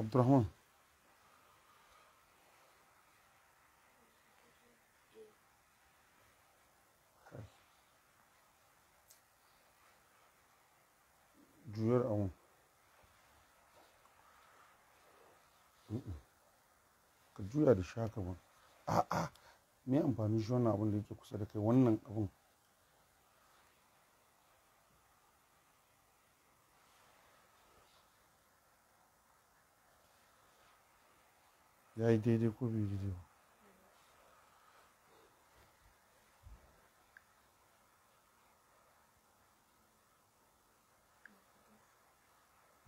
Abdur juyar awon ka juya da shaka ba a'a me amfani shi wannan abin da yake kusa da kai wannan abun. Yay dedi kubi gidiyor.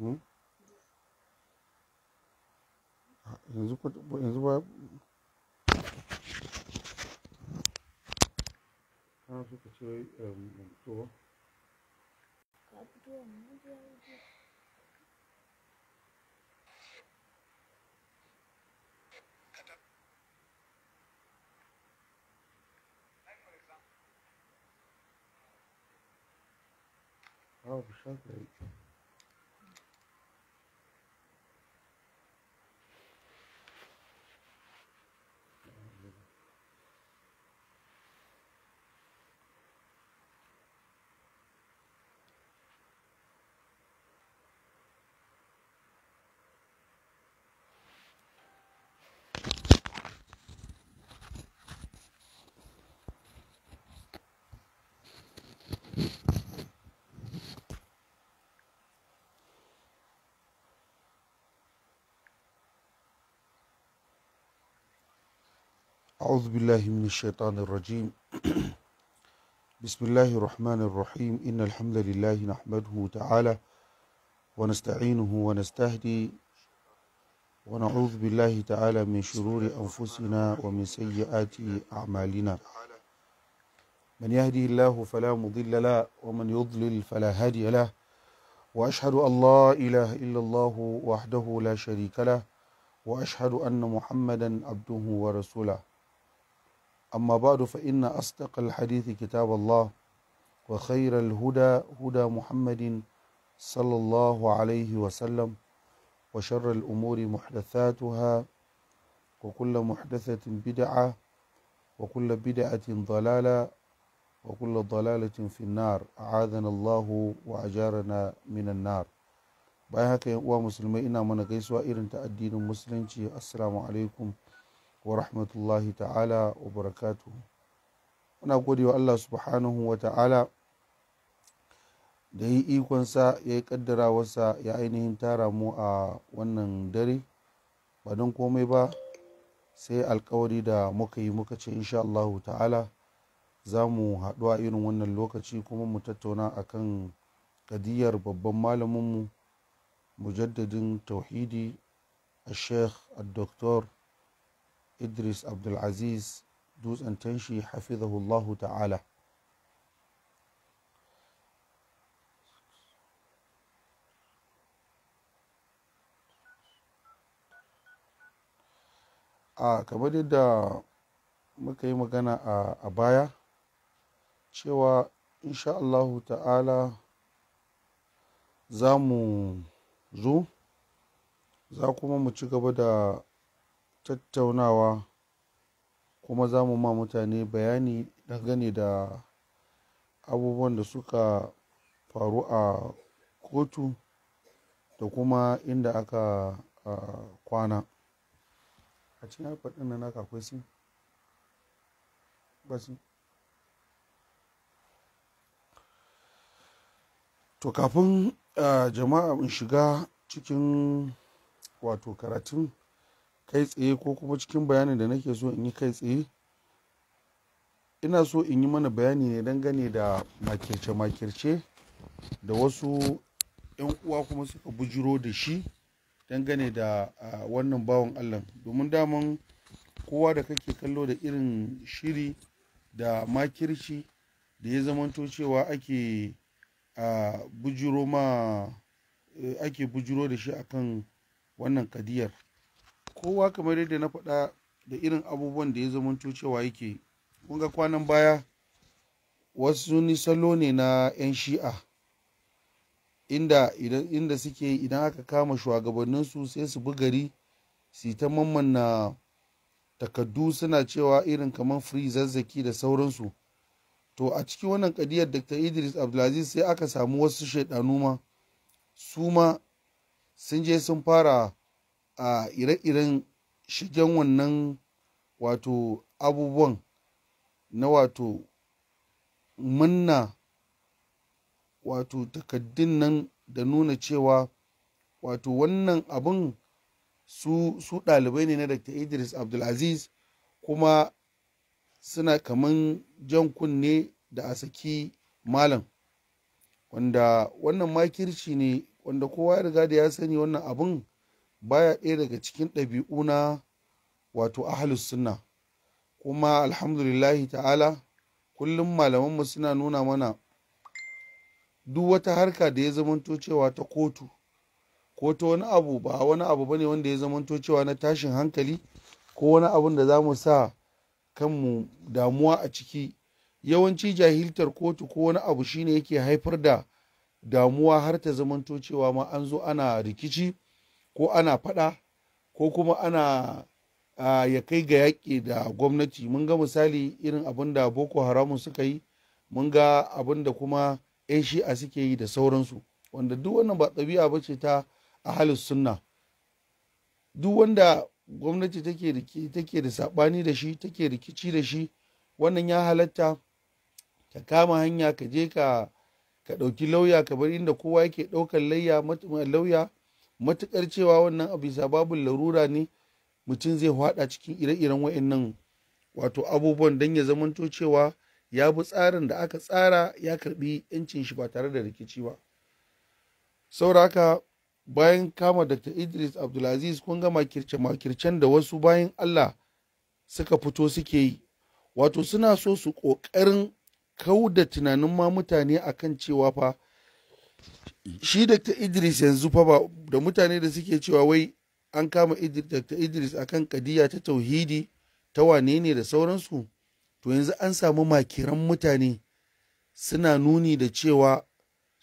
Hı? Yanzu yanzu ba Ana so ka ce wai to. Ka fito wannan 我不晓得。أعوذ بالله من الشيطان الرجيم بسم الله الرحمن الرحيم إن الحمد لله نحمده تعالى ونستعينه ونستهدي ونعوذ بالله تعالى من شرور أنفسنا ومن سيئات أعمالنا من يهدي الله فلا مضل له ومن يضلل فلا هادي له وأشهد أن لا إله إلا الله وحده لا شريك له وأشهد أن محمدا عبده ورسوله أما بعد فإن أصدق الحديث كتاب الله وخير الهدى هدى محمد صلى الله عليه وسلم وشر الأمور محدثاتها وكل محدثة بدعة وكل بدعة ضلالة وكل ضلالة في النار أعاذنا الله وأجارنا من النار باي هكا يا مسلمين إنا من غيسوا إرنت الدين السلام عليكم wa rahmatullahi ta'ala wa barakatu muna godewa Allah subhanahu wa ta'ala da yi ikonsa ya yi wasa ya ainihin tara mu a wannan dare ba don komai ba sai alkawari da muka yi muka ce insha Allah ta'ala za mu haɗu a irin wannan lokaci kuma mu tattauna akan kadiyar babban malaminmu mujaddadin tauhidi a sheikh a doktor idris abdulaziz dutsen tanshi hafizahullahu ta'ala a kamar yadda muka yi magana a baya cewa insha Allahu ta'ala za mu zo za kuma mu ci gaba da tattaunawa kuma za mu ma mutane bayani dangane da abubuwan da suka faru a kotu da kuma inda aka kwana a cikin haifar ɗin nan aka kwasi? sin to kafin jama'a in shiga cikin wato karatun kai tsaye ko kuma cikin bayanin da nake so in yi kai tsaye ina so in yi mana bayani ne dangane da makirce-makirce da wasu 'yan uwa kuma suka bujiro da shi dangane da wannan bawan allah domin daman kowa da kake kallo da irin shiri da makirci da ya zamanto cewa ake bujiro ma eh, ake bujiro da shi akan wannan kadiyar kowa kamar yadda na faɗa da irin abubuwan da ya zamanto cewa yake kun ga kwanan baya wasu ni salo ne na 'yan shi'a inda inda suke idan aka kama shugabanninsu sai su bi gari su ta na takaddu suna cewa irin kamar free zazzaki da sauransu to a cikin wannan kadiyar dr idris abdulaziz sai aka samu wasu shaidanu ma su ma sun je sun fara a ire-iren shigen wannan wato abubuwan na wato manna wato takaddun nan da nuna cewa wato wannan abin su su ɗalibai ne na dr idris abdulaziz kuma suna kaman jan kunne da a saki malam wanda wannan makirci ne wanda kowa ya riga da ya sani wannan abin baya ɗaya daga cikin ɗabi'u na wato ahlus sunna kuma alhamdulillahi ta'ala kullum malamanmu suna nuna mana duk wata harka da ya zamanto cewa ta kotu ko ta wani abu ba wani abu ba ne wanda ya zamanto cewa na tashin hankali ko wani abun da za mu sa kanmu damuwa a ciki yawanci jahiltar kotu ko wani abu shine yake haifar da damuwa har ta zamanto cewa ma an zo ana rikici ko ana faɗa ko kuma ana ya kai ga yaƙi da gwamnati mun ga misali irin abin da boko haramun suka yi mun ga abin da kuma 'yan shi'a suke yi da sauransu wanda duk wannan ba ɗabi'a ba ce ta ahalus sunna duk wanda gwamnati take da saɓani da shi take rikici da shi wannan ya halatta ka kama hanya ka je ka ɗauki lauya ka bar inda kowa yake ɗaukar lauya matukar cewa wannan abu babu larura ne mutum zai haɗa cikin ire-iren wayannan wato abubuwan don ya zamanto cewa ya bi tsarin da aka tsara ya karɓi yancin shi ba tare da rikici ba sauraka bayan kama dr idris abdulaziz kun gama makirce-makircen da wasu bayan allah suka fito suke yi wato suna so su ƙoƙarin kau da tunanin ma mutane akan cewa fa shi dr idris yanzu fa ba da mutane da suke cewa wai an kama dr idris akan kadiya ta tauhidi ta wane ne da sauransu to yanzu an samu makiran mutane suna nuni da cewa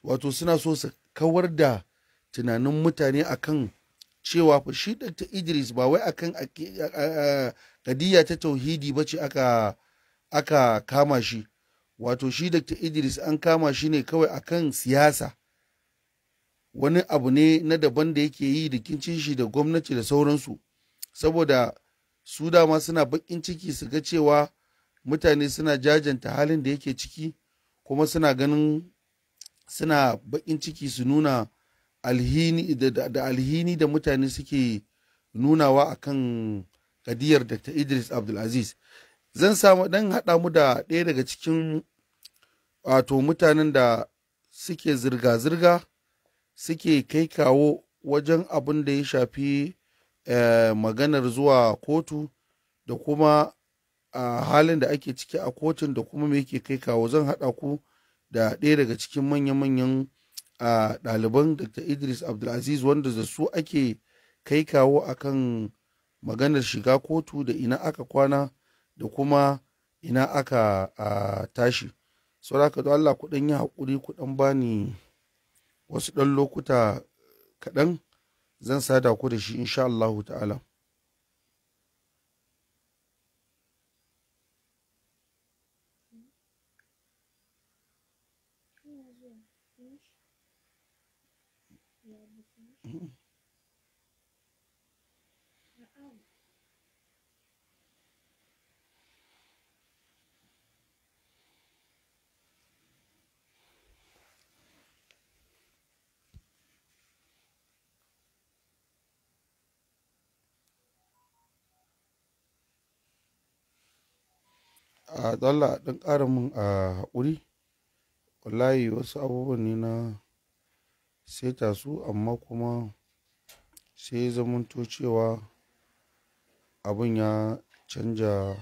wato suna so su kawar da tunanin mutane akan cewa fa shi dr idris ba wai akan kadiya ta tauhidi ba ce aka aka kama shi wato shi dr idris an kama shi ne kawai akan siyasa wani abu ne na daban da yake yi rikincin shi da gwamnati da sauransu saboda su dama suna bakin ciki su ga cewa mutane suna jajanta halin da yake ciki kuma suna ganin suna bakin ciki su nuna alhini da, alhini da mutane suke nunawa a akan kadiyar dr idris abdulaziz zan samu dan haɗa mu da ɗaya daga cikin wato mutanen da suke zirga-zirga suke kai kawo wajen abin da ya shafi eh, maganar zuwa kotu da kuma a halin da ake ciki a kotun da kuma mai yake kai kawo zan haɗa ku da ɗaya daga cikin manya-manyan ɗaliban dr idris abdulaziz wanda da su ake kai kawo a kan maganar shiga kotu da ina aka kwana da kuma ina aka tashi sauraka haka don allah ku ɗan yi haƙuri ku bani wasu ɗan lokuta kaɗan zan sada ku da shi insha Allahu ta'ala. a dalla ɗan ƙara min a haƙuri wallahi wasu abubuwan ne na seta su amma kuma sai zamanto cewa abin ya canja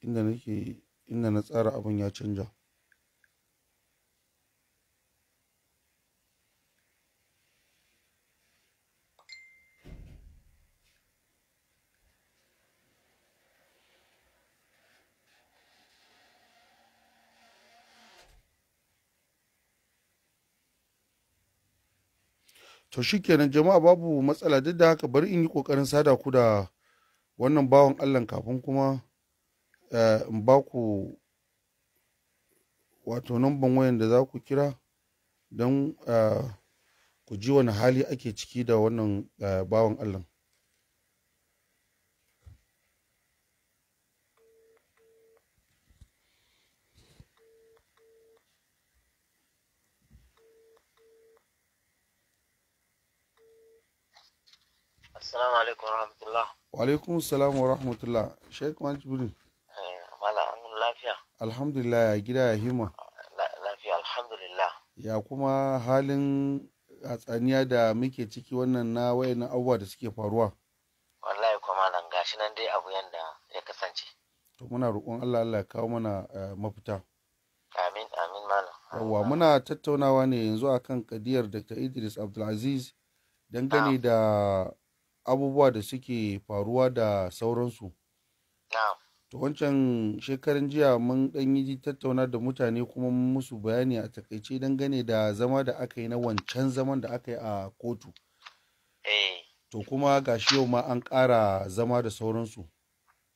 inda inda na tsara abin ya canja to kenan jama'a babu matsala duk da haka bari in yi kokarin sada ku da wannan bawan allah kafin kuma eh, in ba ku wato namban wayan da za ku kira don eh, ku ji wani hali ake ciki da wannan eh, bawan allah Assalamu alaikum warahmatullah. Wa alaikum assalam wa rahmatullah. Sheikh Majibrin. Eh, mala an lafiya. Alhamdulillah ya gida ya hima. Lafiya alhamdulillah. Ya kuma halin hatsaniya da muke ciki wannan na wayannan abubuwa da suke faruwa. Wallahi kuma nan gashi nan dai abu yanda ya kasance. To muna roƙon Allah Allah ya kawo mana eh, mafita. Amin amin malam. Yawwa muna tattaunawa ne yanzu akan kadiyar Dr. Idris Abdulaziz dangane da abubuwa da suke faruwa da sauransu to wancan shekaran jiya mun ɗan yi tattauna da mutane kuma musu bayani a takaice dangane da zama da aka yi na wancan zaman da aka yi a kotu eh. to kuma ga shi yau ma an ƙara zama da sauransu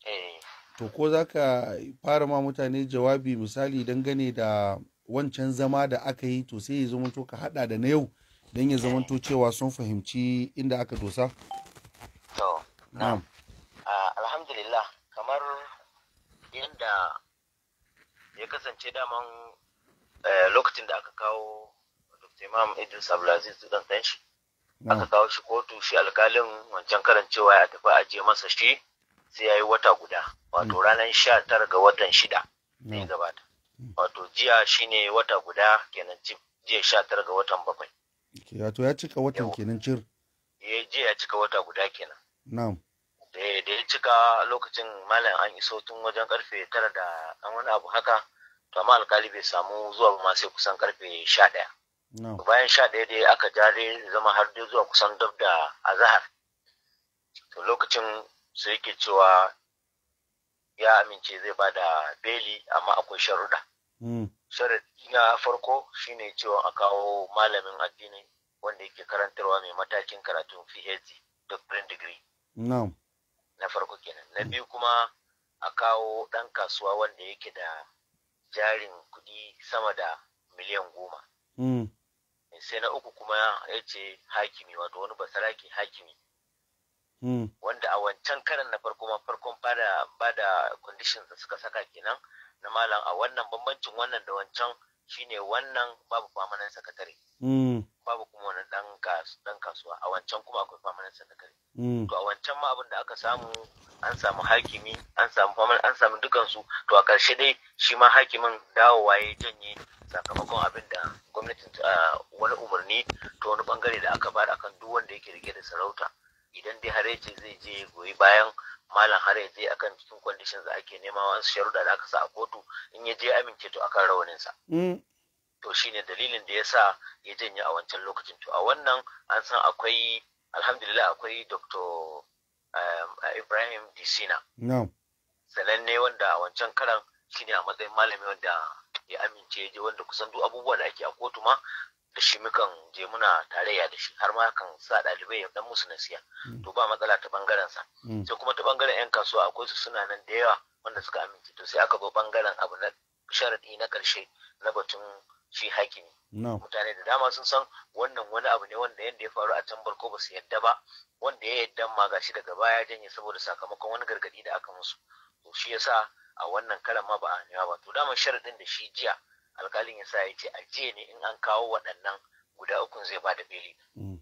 eh. to ko za ka fara ma mutane jawabi misali dangane da wancan zama da aka yi to sai ya to ka haɗa da na yau don ya eh. zamanto cewa sun fahimci inda aka dosa? na'am alhamdulillah kamar yadda ya kasance daman eh, lokacin da aka kawo dr imam idris abdulaziz dan dan aka kawo shi kotu shi alkalin wancan karancewa ya tafi ajiye masa shi sai ya yi wata guda wato mm. ranar sha tara ga watan shida Ne gabata mm. wato jiya shine wata guda kenan jiya sha tara ga watan bakwai wato ya cika watan kenan cir ya eh, jiya ya cika wata guda kenan Na'am. Eh, da ya cika lokacin malam an iso tun wajen karfe tara da an wani abu haka to amma alkali bai samu zuwa ba sai kusan karfe sha ɗaya. bayan sha ɗaya dai aka jare zama har dai zuwa kusan dab da azahar to lokacin su yake cewa ya amince zai ba da beli amma akwai sharuɗa hmm. sharaɗi na farko shine cewa a kawo malamin addini wanda yake karantarwa mai matakin karatun phd doctorate degree na farko kenan na biyu kuma a kawo ɗan kasuwa wanda yake da jarin kuɗi sama da miliyan goma mm. sai na uku kuma ya ce hakimi wato wani basaraki hakimi mm. wanda a wancan karan na farko ma farkon bada bada conditions da suka saka kenan na malam a wannan bambancin wannan da wancan shine wannan babu famanan sakatare. babu kuma wani dan kasuwa a wancan kuma akwai famanin secretary mm. to a wancan ma abin da aka samu an samu hakimi an samu an samu dukansu to a karshe dai shi ma hakimin dawowa ya janye sakamakon abin da gwamnatin ah, wani umarni ta wani bangare da aka bada akan duk wanda yake rike da sarauta idan dai har ce zai je goyi bayan malam har ya je akan cikin conditions da ake nema wasu sharuɗa da aka sa a kotu in ya je amince to akan sa. to shine dalilin da yasa ya janye a wancan lokacin to a wannan an san akwai alhamdulillah akwai dr um, ibrahim disina sananne wanda a wancan karan shine a matsayin malami wanda ya amince ya je wanda kusan duk abubuwa da ake a kotu ma da shi mukan je muna tarayya da shi har ma kan sa ɗalibai ya dan musu nasiya mm. to ba matsala ta bangaren sa mm. sai kuma ta bangaren yan kasuwa akwai su suna nan da yawa wanda suka amince to sai aka zo bangaren abu na sharadi na karshe na batun shi hakimi mutane da dama sun san wannan wani abu ne wanda yadda ya faru a can barko ba su yadda ba wanda ya yadda ma ga shi daga baya janye saboda sakamakon wani gargadi da aka musu to shi ya sa a wannan kalan ma ba a nema ba to dama sharadin da shi jiya alkalin sa ya ce a jiya ne in an kawo waɗannan guda ukun zai bada beli mm.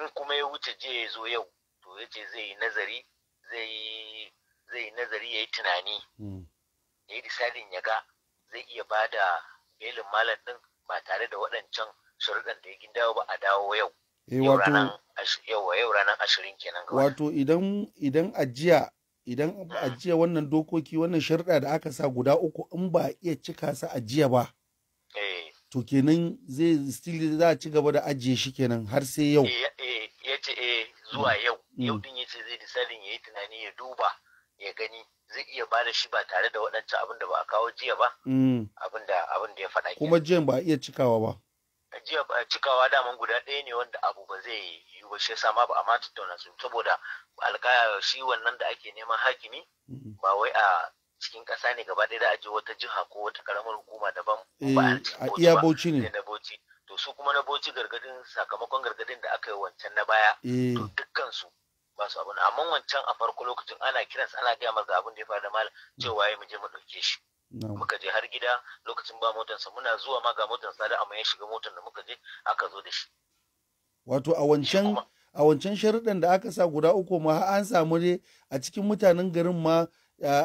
in kuma ya wuce jiya ya zo yau to ya ce zai yi nazari zai zai nazari ya yi tunani mm. ya yi disadin ya ga zai iya ba da. belin malam din ba tare da waɗancan sharuɗan da ya dawo ba a dawo yau eh, ranar ashirin kenan wato idan ajiya idan hmm. ajiya wannan dokoki wannan sharuɗa da aka sa guda uku in ba iya cika sa ajiya ba eh. to kenan zai stili za a ci gaba da ajiye shi kenan har sai yau eh, ya ce zuwa hmm. yau yau hmm. din ya ce zai salin ya yi tunani ya duba ya gani zai iya ba da shi ba tare da waɗancan abin da ba a kawo jiya ba mm. abin da abin da ya faɗa kuma jiyan ba a iya cikawa ba jiya cikawa daman guda ɗaya ne wanda abu ba zai yi ba shi sama ba a ma tattauna su saboda alkaya shi wannan da ake neman hakimi mm-hmm. ba wai a cikin ƙasa ne gaba ɗaya da aje wata jiha ko wata ƙaramar hukuma daban ba eh, a iya bauchi ne na bauchi to su kuma na bauchi gargadin sakamakon gargadin da aka yi wancan na baya eh. to dukkan su ba su abu amma wancan a farko lokacin ana kiransa ana gaya masa abin da ya faru da malam cewa waye mu je mu ɗauke shi muka je har gida lokacin ba sa muna zuwa ma ga motan sada amma ya shiga motan da muka je aka zo da shi wato a wancan a wancan sharuɗan da aka sa guda uku ma an samu ne a cikin mutanen garin ma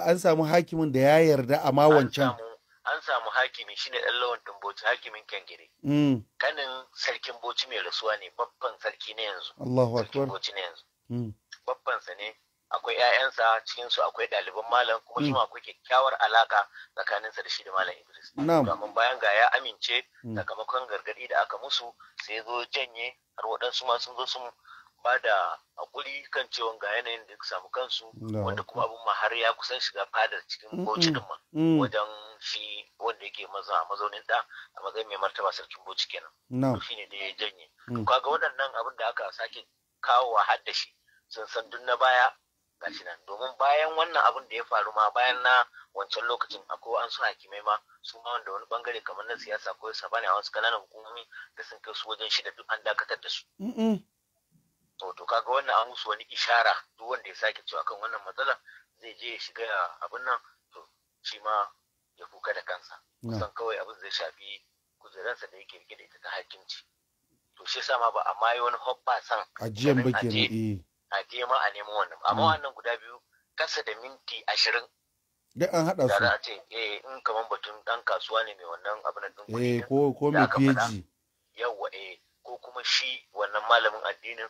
an samu hakimin da ya yarda a ma wancan an samu hakimi shine dan lawan Bauchi hakimin Kangire mm. kanin sarkin Boci mai rasuwa ne babban sarki ne yanzu Allahu akbar boci ne yanzu mm. babbansa ne akwai 'ya'yansa cikinsu akwai ɗaliban malam kuma hmm. shi akwai kyakkyawar alaka tsakaninsa da shi da malam idris domin bayan ga ya amince hmm. sakamakon gargadi da aka musu sai ya zo janye har waɗansu ma sun zo sun ba da haƙuri kan cewa ga yanayin da samu kansu wanda kuma abin ma har ya kusan shiga fadar cikin hmm, bauchi din ma wajen shi wanda yake maza mazaunin da a matsayin mai martaba sarkin bauchi kenan shi shine da ya janye kaga waɗannan abin da aka sake kawo wa haddashi. sun san duk na baya gashi nan domin bayan wannan abin da ya faru ma bayan na wancan lokacin akwai an su hakimai ma su ma wanda wani bangare kamar na siyasa ko bane a wasu kananan hukumomi da sun kai su wajen shida duk an dakatar da su. to to kaga wannan an musu wani ishara duk wanda ya sake cewa kan wannan matsala zai je ya shiga abin nan to shi ma ya kuka da kansa kusan kawai abin zai shafi kujeransa da yake rike da ita ta hakimci to shi yasa ma ba a ma yi wani hoɓɓasan ajiyan bakin a je ma a nemi wannan amma hmm. wannan guda biyu kasa da minti ashirin duk an haɗa su ce eh in kaman batun ɗan kasuwa ne mai wannan abin da ɗin eh ko ko mai PhD yawa eh ko kuma shi wannan malamin addinin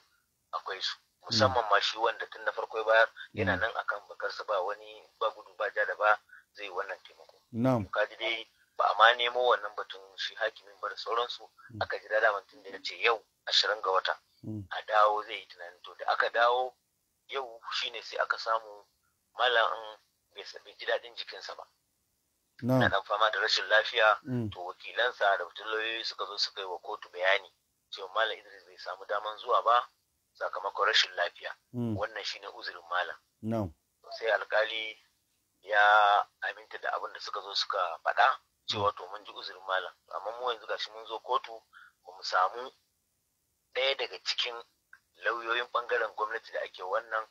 akwai su hmm. musamman ma shi wanda tun na farko bayar yana hmm. nan akan bakarsa ba wani ba gudu ba ja da ba zai wannan taimako na'am kaji dai ba a ma nemo wannan batun shi hakimin bar sauransu aka ji da tun da ya ce yau ashirin ga wata Mm. a dawo zai yi tunanin to da aka dawo yau shine sai aka samu malam bai ji daɗin jikinsa ba na dan fama da rashin lafiya mm. to wakilansa da lauyoyi suka zo suka yi wa kotu bayani cewa malam idris bai samu daman zuwa ba sakamakon rashin lafiya mm. wannan shine uzurin malam sai alkali ya aminta da abin da suka zo suka faɗa cewa to mun ji uzurin malam amma mu yanzu gashi mun zo kotu ba mu samu ɗaya daga cikin lauyoyin ɓangaren gwamnati da ake wannan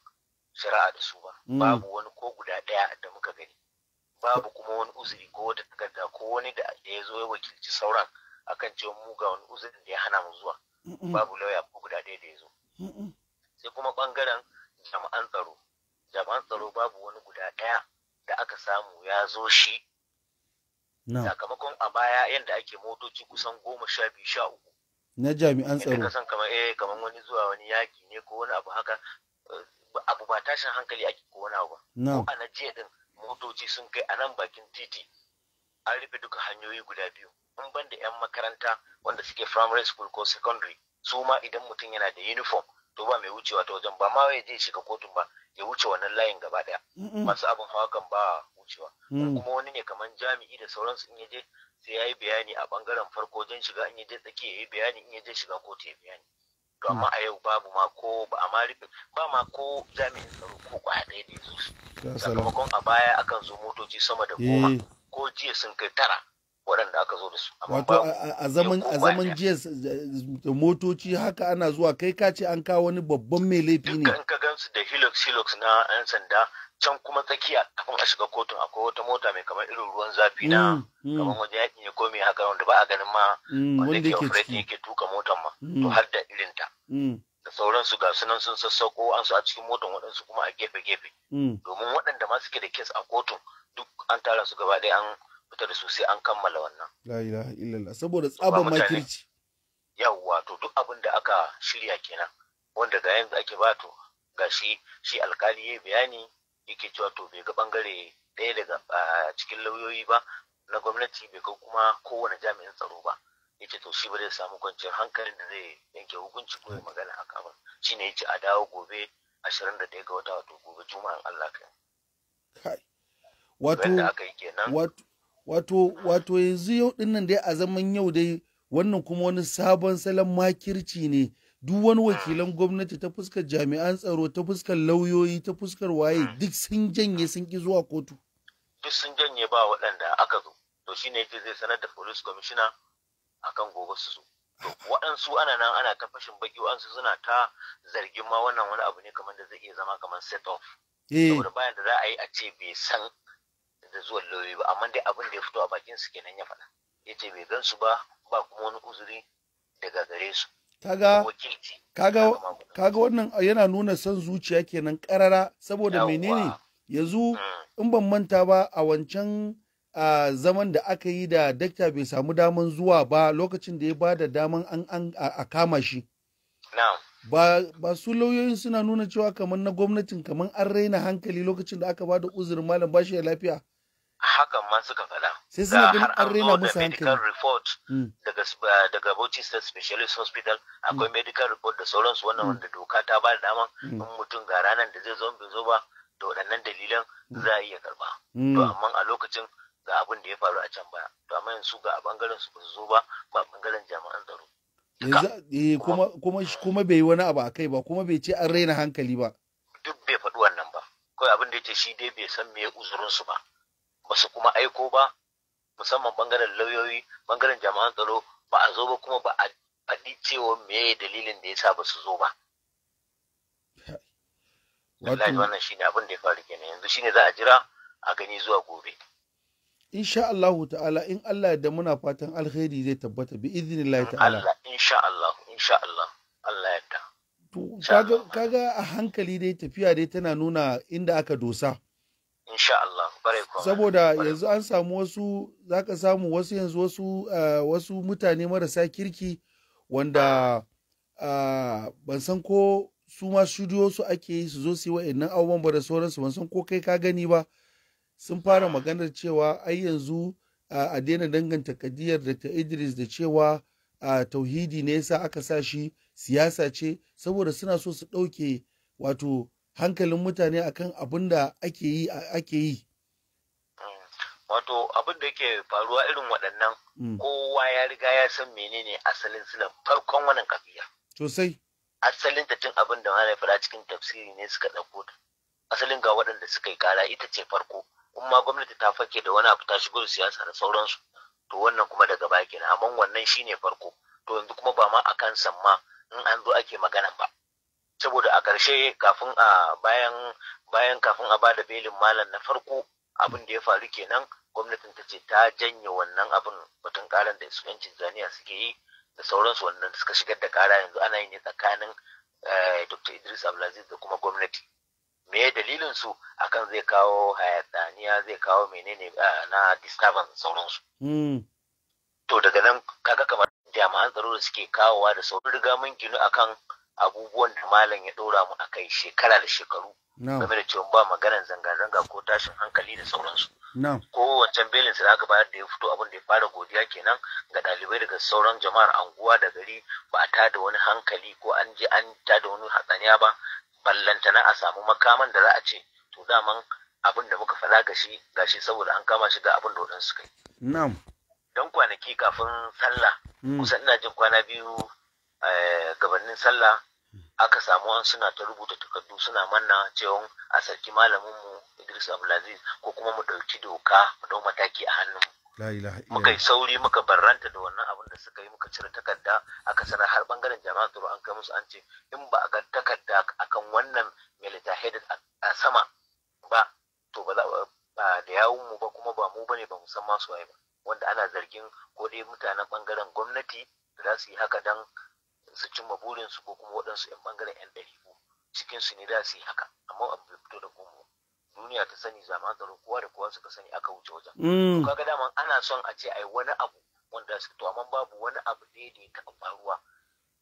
shari'a da su ba mm. babu wani ko guda ɗaya da muka gani babu kuma wani uzuri ko wata takarda ko wani da ya zo ya wakilci sauran akan cewa mu ga wani uzurin da ya hana mu zuwa babu lauya ko guda ɗaya da ya zo sai kuma ɓangaren jami'an tsaro jami'an tsaro babu wani guda ɗaya da aka samu ya zo shi sakamakon a baya yadda ake motoci kusan goma sha biyu sha uku na jami'an tsaro ka san kamar eh kamar wani zuwa wani yaki ne ko wani abu haka eh, abu ba tashin hankali ake ko wani abu ba ko ana jiya din motoci sun kai a nan bakin titi an rufe duka hanyoyi guda biyu in ban da 'yan makaranta wanda suke primary school ko secondary su ma idan mutum yana da uniform to ba mai wucewa ta wajen ba ma ya je shiga kotun ba ya wuce wannan layin gaba daya masu abin hawa kan ba wucewa mm. kuma wani ne kamar jami'i da sauransu in ya je sai ya yi bayani a bangaren farko don shiga in je tsaki ya yi bayani in je shiga kotu ya bayani to amma a yau babu ma ko ba a marifin ba ma ko jami'in tsaro ko kwaya ɗaya da yanzu sakamakon a baya akan zo motoci sama da goma eh. ko jiya sun kai tara waɗanda aka zo da su wato a zaman a zaman jiya motoci haka ana zuwa kai ka ce an kawo wani babban mai laifi ne dukkan ka gansu da hilux hilux na 'yan sanda can kuma tsakiya kafin a shiga kotun akwai wata mota mai kamar irin ruwan zafi na hmm, hmm. kamar wajen yaƙin ya komi haka wanda ba a ganin ma hmm, wanda ke operate yake tuka motan ma to har da irin ta da sauransu ga sunan sun sassauko an su a cikin motan waɗansu kuma a gefe gefe domin waɗanda ma suke da kes a kotun duk an tara su gaba ɗaya an fita da su sai an kammala wannan la ilaha saboda tsabar makirci yawwa to duk abin da aka shirya kenan wanda ga yanzu ake bato ga shi shi alkali ya bayani yake cewa to bai ga bangare ɗaya daga cikin lauyoyi ba na gwamnati bai ga kuma kowane jami'in tsaro ba yace to shi ba zai samu kwanciyar hankalin da zai yanke hukunci ko magana a shi shine yace a dawo gobe 21 ga wata wato gobe juma'an Allah kai wato wato wato wato yanzu yau dinnan dai a zaman yau dai wannan kuma wani sabon salon makirci ne duk wani wakilan gwamnati ta fuskar jami'an tsaro ta fuskar lauyoyi ta fuskar waye hmm. duk sun janye sun ki zuwa kotu duk sun janye ba waɗanda aka zo to shine yake zai sanar da police commissioner akan gobe su zo waɗansu ana nan ana ta fashin baki waɗansu suna ta zargin ma wannan wani abu ne kamar da zai iya zama kamar set off eh. saboda bayan da za a yi a ce bai san da zuwan lauyoyi ba amma dai abin da ya fito a bakin su kenan ya faɗa ya ce bai gan su ba ba kuma wani uzuri daga gare su kaga kaga kaga wannan yana nuna son zuciya kenan karara saboda menene yanzu mm. in ban manta ba a wancan zaman da aka yi da dakta bai samu daman zuwa ba lokacin da ya ba da daman an a kama shi ba ba su lauyoyin suna nuna cewa kamar na gwamnatin kamar an raina hankali lokacin da aka ba da uzurin malam bashi da lafiya hakan ma suka faɗa. Sai suna ganin an rena musu hankali. medical report hmm. daga daga Bauchi State Specialist Hospital hmm. akwai medical report da sauransu wannan hmm. wanda doka ta ba da dama in mutum ga ranar da zai zo bai zo ba da waɗannan dalilan za a iya karba. To amma a lokacin ga abin da ya faru a can baya. To amma yanzu ga a bangaren su ba su zo ba ba bangaren jami'an tsaro. Eh, eh, kuma kuma kuma bai yi wani abu a kai ba kuma bai ce an raina hankali ba. Duk bai faɗi wannan ba. Kawai abin da ya ce shi dai bai san me uzurinsu ba. Ba su kuma aiko ba musamman bangaren lauyoyi bangaren jami'an tsaro ba a zo ba kuma ba a faɗi cewa meye dalilin da ya sa ba su zo ba wallahi wannan shine abin da ya faru kenan yanzu shine za a jira a gani zuwa gobe insha Allahu ta'ala in Allah da muna fatan alkhairi zai tabbata bi idnillahi ta'ala Allah insha Allah insha Allah Allah ya ta. kaga a hankali dai tafiya dai tana nuna inda aka dosa insha Allah bare kuma saboda yanzu an samu wasu zaka samu wasu yanzu wasu eh, wasu mutane marasa kirki wanda eh, ban san ko su ma studio su ake yi su zo su yi wa'annan abubuwan ba da sauransu ban san ko kai ka gani ba sun fara maganar cewa ai yanzu eh, a daina danganta kadiyar ta Idris da cewa tauhidi ne yasa aka sa shi siyasa ce saboda suna so su ɗauke wato hankalin mutane akan abin da ake yi ake yi mm. wato abin da yake faruwa irin waɗannan mm. kowa ya riga ya san menene asalin silan farkon wannan kafiya sosai asalin ta tun abin da wani fara cikin tafsiri ne suka ɗauko ta asalin ga waɗanda suka yi kara ita ce farko kuma gwamnati ta fake da wani abu ta shigo da siyasa da sauransu to wannan kuma daga baki na amma wannan shine farko to yanzu kuma ba ma akan samma in an zo ake magana ba saboda a ƙarshe kafin a bayan bayan kafin a bada belin malam na farko abin da ya faru kenan gwamnatin ta ce ta janye wannan abin batun karan da su yancin zaniya suke yi da sauransu wannan suka shigar da kara yanzu ana yin tsakanin eh, dr idris abdulaziz da kuma gwamnati me dalilin su akan zai kawo hayataniya zai kawo menene eh, na disturbance sauransu hmm. to daga nan kaga kamar jami'an tsaro da suke kawowa da sauran riga mun akan abubuwan da malam ya ɗora mu a kai shekara da shekaru game da cewa ba maganar zanga-zanga ko tashin hankali da sauransu ko wancan belin da aka bayar da ya fito abin da ya fara godiya kenan ga ɗalibai daga sauran jama'ar anguwa da gari ba a tada wani hankali ko an je an tada wani hatsaniya ba ballantana a samu makaman da za a ce to daman abin da muka faɗa gashi gashi saboda an kama shi ga abin da waɗansu kai. Don kwanaki kafin sallah hmm. kusan ina jin kwana biyu Eh, gabanin sallah aka samu an suna ta rubuta takardu suna manna cewa a sarki malaminmu Idris Abdulaziz ko kuma mu ɗauki doka mu dau mataki a hannunmu. Muka yi sauri muka barranta da wannan abin da suka yi muka cire takarda aka sanar har bangaren jama'a tsaro an kai musu an ce in ba a ga takarda akan wannan militahid a sama ba to ba da yawun mu ba kuma ba mu bane ba mu san masu waye ba wanda ana zargin ko dai mutanen bangaren gwamnati da za su yi haka dan su cimma burinsu ko kuma waɗansu 'yan ɓangaren 'yan ɗariƙu cikin su ne da su yi haka amma abu bai fito da kuma duniya ta sani zaman tsaro kowa da kowa suka sani aka wuce wajen. Mm. kaga dama ana son a ce ai wani abu wanda su to amma babu wani abu ne da ya taɓa faruwa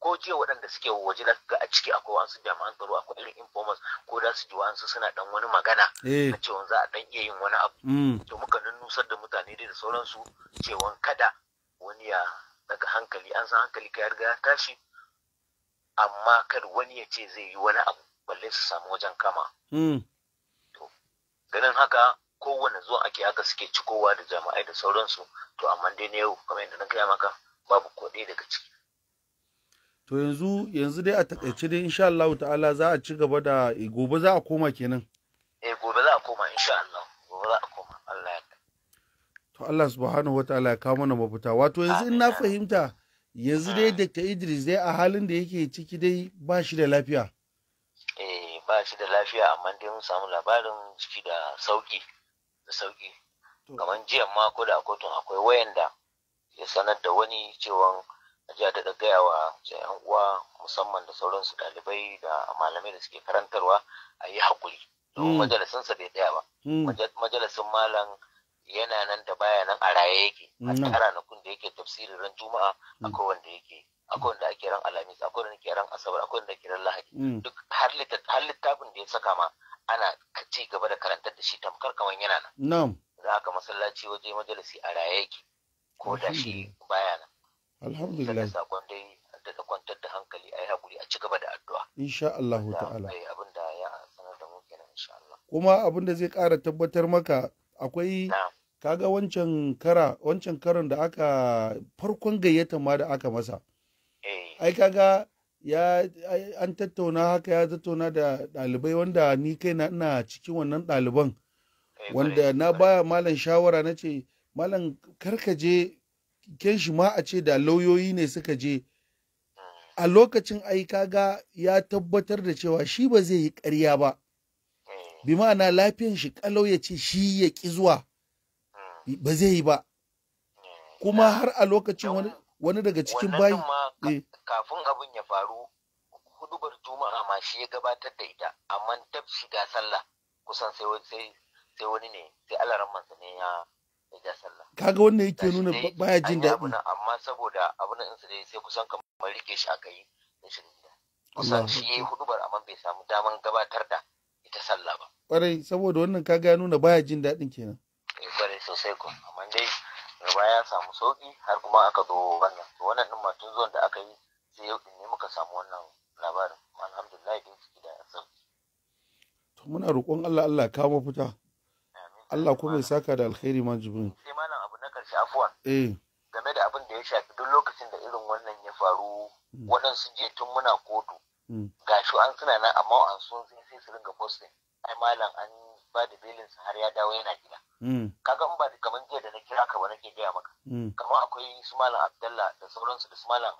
ko jiya waɗanda suke waje da ga a ciki akwai wasu jami'an tsaro akwai irin informers ko da su ji wasu suna dan wani magana eh. na cewa za a dan iya yin wani abu mm. to muka nusar da mutane dai da sauransu cewa kada wani ya daga hankali an san hankali ka riga ya tashi amma kada wani ya ce zai yi wani abu balle su samu wajen kama hmm. to ganin haka kowane zuwa ake haka suke cikowa da jama'ai da sauransu to amma dai na yau kamar yadda na gaya maka babu ko daga ciki to yanzu yanzu dai a takaice dai insha Allah ta'ala za a ci gaba da eh, gobe za a koma kenan eh gobe za a koma insha Allah gobe za a koma Allah ya to Allah subhanahu wataala ya kawo mana mafita wato yanzu in na fahimta yanzu ah. dai ka Idris dai a halin da yake ciki dai ba shi da lafiya. Eh ba shi da lafiya amma dai mun samu labarin ciki da sauki da sauki. Kamar jiya ma ko da kotun akwai wayanda ya sanar da wani cewa a jiya da gaya wa yan uwa musamman da sauransu ɗalibai da malamai da suke karantarwa a yi haƙuri. Don hmm. majalisinsa bai daya ba. Hmm. Majalisin malam yana nan da baya nan a raye yake a mm. cikin ranakun da yake tafsirin ran juma'a mm. akwai wanda yake akwai wanda ake ran alhamis akwai wanda ke ran asabar akwai wanda ke ran lahadi mm. duk har littafin da ya saka ma ana ci gaba da karantar da shi tamkar kamar yana nan za ka masallaci waje majalisi a raye yake ko da shi baya nan alhamdulillah sakon dai da ta kwantar da hankali ai hakuri a ci gaba da addu'a insha Allah ta'ala abin da ya sanar da mu kenan insha Allah kuma abin da zai ƙara tabbatar maka akwai kaga wancan kara wancan karan da aka farkon gayyata ma da aka masa eh. ai kaga ya an tattauna haka ya tattauna da ɗalibai wanda ni kaina ina cikin wannan ɗaliban eh, wanda na baya malam shawara na ce malam karkaje ken shi ma a ce da lauyoyi ne suka je hmm. a lokacin ai kaga ya tabbatar da cewa shi ba zai yi ƙarya ba bi ma'ana lafiyan shi kalau ya ce shi ya ki zuwa hmm. ba zai yi ba hmm. kuma har a lokacin wani wani daga cikin bayi eh. kafin abin ya faru hudubar juma'a ma shi ya gabatar da ita amma dab shiga sallah kusan sai sai sai wani ne sai alaran mansa ne ya ya sallah kaga wannan yake nuna baya jin daɗi amma saboda abin in su dai sai kusan kamar rike shi aka yi kusan shi yayi hudubar amma bai samu daman gabatar da ita sallah ba kwarai saboda wannan ka ga nuna baya jin daɗin kenan eh, kwarai sosai ko amma dai gaba ya samu sauki har kuma aka zo wannan to wannan din matun zuwan da aka yi sai yau ne muka samu wannan labarin alhamdulillah din ciki da sauki to muna roƙon Allah Allah ka fita. Allah kuma ya saka da alkhairi ma jibrin sai malam abu na karshe afuwa. eh game da abin da ya shafi duk lokacin da irin wannan ya faru hmm. waɗansu je tun muna kotu hmm. gashi an suna nan amma an sun sai su ringa posting ai malam an ba da belin sa har ya dawo yana gida mm. kaga in ba da jiya da na kira ka ba nake gaya maka mm. kamar akwai su malam abdallah da sauransu da su malam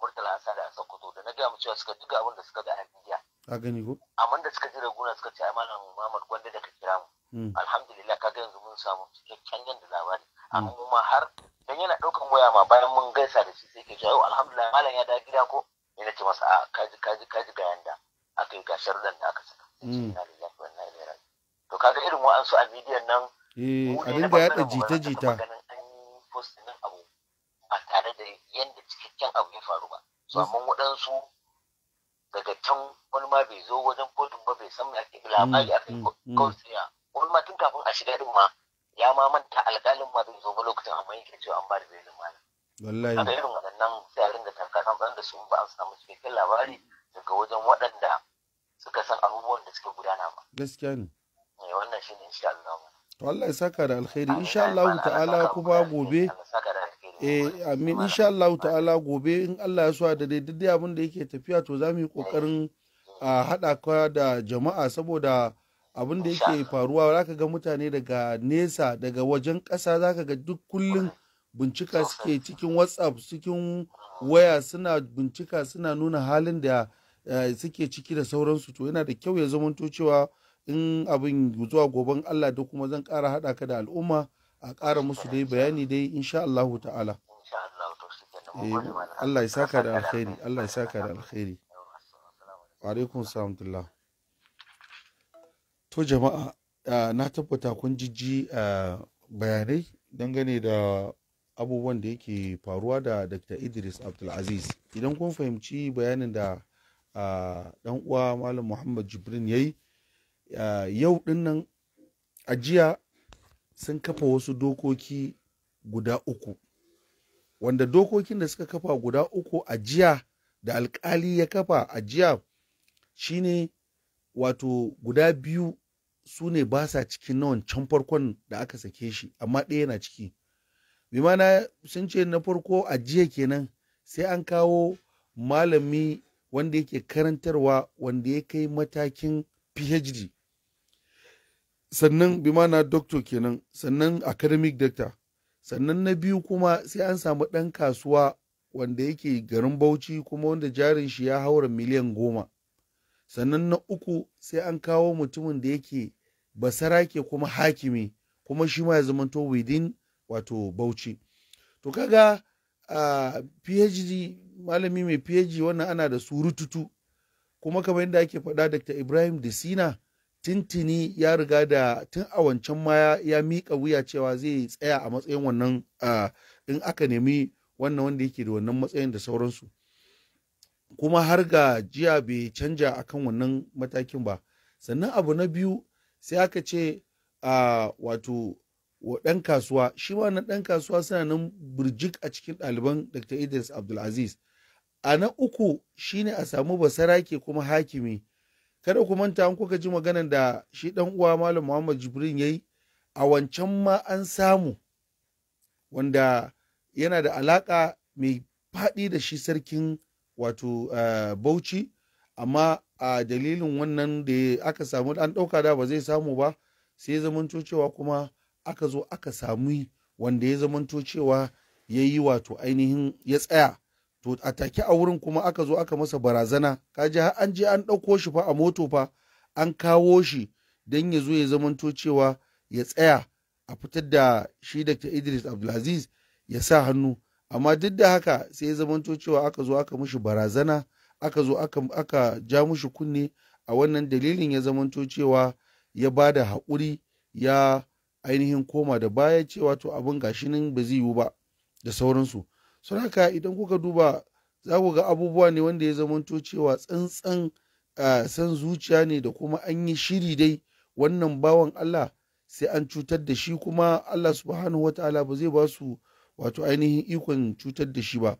murtala asa da sokoto da na gaya mu cewa suka duka abin da suka ga a jiya a gani ko amma da suka ji raguna suka ce ai malam muhammad gwanda da ka kira mu mm. alhamdulillah kaga yanzu mun samu cikakken yanda labari amma ma har dan yana daukan waya ma bayan mun gaisa da shi sai ke jawo alhamdulillah malam ya dawo gida ko ina ce masa a kaji kaji kaji ga yanda aka yi gashar da aka saka kaga irin wa'ansu a bidiyon nan eh da ya da jita jita an abu ba tare da yanda cikakken abu ya faru ba so amma waɗansu daga can wani ma bai zo wajen kotun ba bai san ake mm, labari a kai kawai wani ma tun kafin a shiga din ma ya ma manta alƙalin ma bai zo ba lokacin amma yake cewa an ba da bayanin malam wallahi kaga irin waɗannan sai a ringa tankasan ɗan da su ba an samu cikakken labari daga wajen waɗanda suka san abubuwan da suke gudana ba gaskiya ne Allah ya saka da alkhairi insha Allah ta'ala kuma gobe eh amin insha Allah ta'ala gobe in Allah ya so da dai duk abin da yake tafiya to za mu yi kokarin a hada ka da jama'a saboda abin da yake faruwa zaka ga mutane daga nesa daga wajen ƙasa zaka ga duk kullum bincika suke cikin whatsapp cikin waya suna bincika suna nuna halin da eh, suke ciki da sauransu to yana da kyau ya zamanto cewa in abin zuwa goben Allah da kuma zan kara haɗa ka da al'umma a kara musu dai bayani dai insha Allah ta'ala eh, Allah ya saka da alkhairi Allah ya saka da alkhairi wa alaikum salamtullah to jama'a na tabbata kun jijji bayanai dangane da abubuwan da yake faruwa da Dr. Idris Abdulaziz idan kun fahimci bayanin da dan uwa Malam Muhammad Jibrin yayi yau dinnan a jiya sun kafa wasu dokoki guda uku wanda dokokin da suka kafa guda uku a jiya da alkali ya kafa a jiya shine wato guda biyu su ne ba sa cikin nawa'n can farkon da aka sake shi amma ɗaya na ciki bimana sun ce na farko a jiya kenan sai an kawo malami wanda yake karantarwa wanda ya kai matakin phd sannan bi mana doctor kenan sannan academic doctor sannan na biyu kuma sai an samu ɗan kasuwa wanda yake garin bauchi kuma wanda jarin shi ya haura miliyan goma sannan na uku sai an kawo mutumin da yake basara ke kuma hakimi kuma shi ma ya zamanto within wato bauchi to kaga a phd malami mai phd wannan ana da surututu kuma kamar yadda ake faɗa dr ibrahim desina tintini ya riga da tun a wancan ma ya miƙa wuya cewa zai tsaya a matsayin wannan in aka nemi wannan wanda yake da wannan matsayin da sauransu kuma har ga jiya bai canja akan wannan matakin ba sannan abu na biyu sai aka ce a wato ɗan kasuwa shi na ɗan kasuwa suna nan birjik a cikin ɗaliban dr idris abdulaziz a na uku shine a samu basarake kuma hakimi kada ku manta an kuka ji maganan da shi dan uwa malam Muhammad Jibrin ya yi, a wancan ma an samu wanda yana da alaka mai faɗi da shi sarkin wato eh, Bauchi amma a dalilin wannan da aka samu an ɗauka da ba zai samu ba sai zamanto cewa kuma aka zo aka samu wanda ya zamanto cewa ya yi wato ainihin ya tsaya to a take a wurin kuma aka zo aka masa barazana kaji har an je an ɗauko shi fa a moto fa an kawo shi don ya zo ya zamanto cewa ya tsaya a fitar da shi Dr. Idris Abdulaziz ya sa hannu amma duk da haka sai ya zamanto cewa aka zo aka mushi barazana aka zo aka, aka ja mushi kunne a wannan dalilin ya zamanto cewa ya ba da haƙuri ya ainihin koma da baya cewa to abin gashi nan ba zai yiwu ba da sauransu sun haka idan kuka duba za ku ga abubuwa ne wanda ya zamanto cewa tsantsan ah, san zuciya ne da kuma an yi shiri dai wannan bawan Allah sai an cutar da shi kuma Allah subhanahu wa ta'ala ba zai ba su wato ainihin ikon cutar da shi ba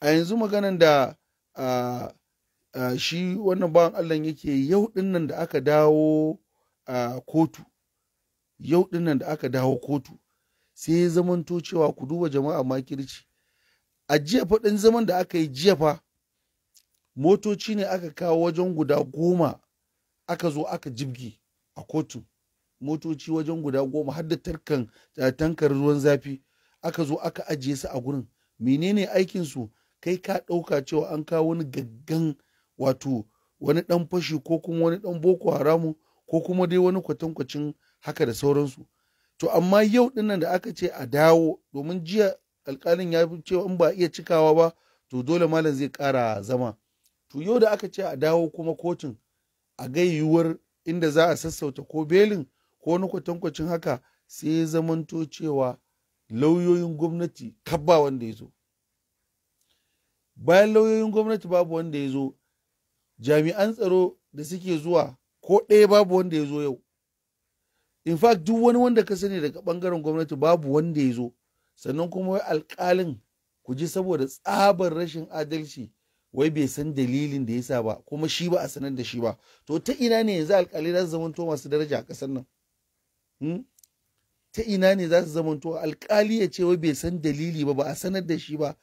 a yanzu maganan da ah, ah, shi wannan bawan Allah yake yau dinnan da aka dawo kotu yau dinnan da aka dawo kotu sai ya zamanto cewa ku duba jama'a makirci a jiya faɗin zaman da aka yi jiya fa motoci ne aka kawo wajen guda goma aka zo aka jibgi a kotu motoci wajen guda goma har da tankar ruwan zafi aka zo aka ajiye su a gurin menene aikin su kai ka ɗauka cewa an kawo wani gaggan wato wani ɗan fashi ko kuma wani ɗan boko haramu ko kuma dai wani kwatankwacin haka da sauransu to amma yau dinnan da aka ce a dawo domin jiya alƙalin ya cewa in ba iya cikawa ba to dole malam zai ƙara zama to yau da aka ce a dawo kuma kotun a ga yiwuwar inda za a sassauta ko belin ko wani kwatankwacin haka sai ya zamanto cewa lauyoyin gwamnati kabba wanda ya zo bayan lauyoyin gwamnati babu wanda ya zo jami'an tsaro da suke zuwa ko ɗaya babu wanda ya zo yau in fact duk wani wanda ka sani daga ɓangaren gwamnati babu wanda ya zo sannan kuma wai alkalin ku ji saboda tsabar rashin adalci wai bai san dalilin da yasa ba kuma shi ba a sanar da shi ba to ta ina ne yanzu za su zamanto masu daraja a ƙasar nan hmm? ta ina ne za su zamanto alƙali ya ce wai bai san dalili ba ba a sanar da shi ba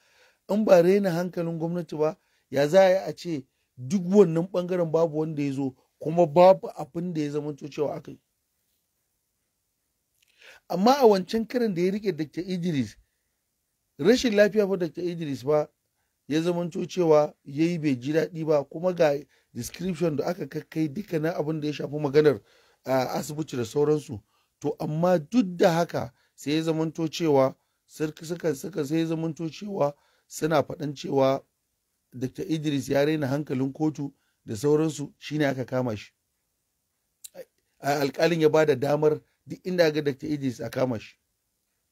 in ba raina hankalin gwamnati ba ya za a yi a ce duk wannan bangaren babu wanda ya zo kuma babu abin da ya zamanto cewa aka yi amma a wancan karin da ya rike Dr. Idris rashin lafiya fa Dr. Idris ba ya zamanto cewa yayi bai ji daɗi ba kuma ga description da aka kakkai na abin da ya shafi maganar a asibiti da sauransu to amma duk da haka sai ya zamanto cewa suka suka sai ya zamanto cewa suna faɗan cewa Dr. Idris ya raina hankalin kotu da sauransu shine aka kama shi alkalin ya ba da damar duk inda ga Dr. Idris a kama shi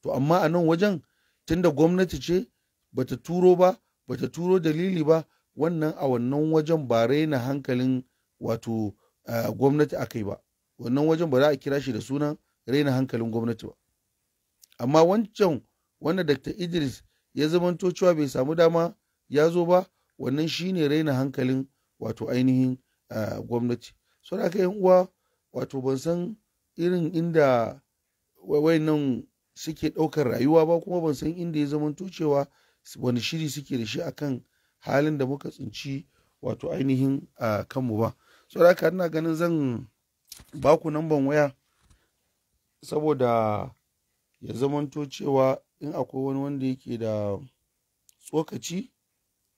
to amma a nan wajen tunda gwamnati ce bata turo ba bata turo dalili ba wannan a wannan wajen ba raina hankalin wato gwamnati akai ba wannan wajen ba za a kira shi da sunan raina hankalin gwamnati ba amma wancan wanda Dr. Idris ya zamanto cewa bai samu dama ya zo ba wannan shine raina hankalin wato ainihin gwamnati so da uwa wato ban san irin inda nan suke ɗaukar rayuwa ba kuma ban san inda ya zama cewa wani shiri suke da shi akan halin da muka tsinci wato ainihin a kanmu ba so da haka ina ganin zan baku namban waya saboda ya zama cewa in akwai wani wanda yake da tsokaci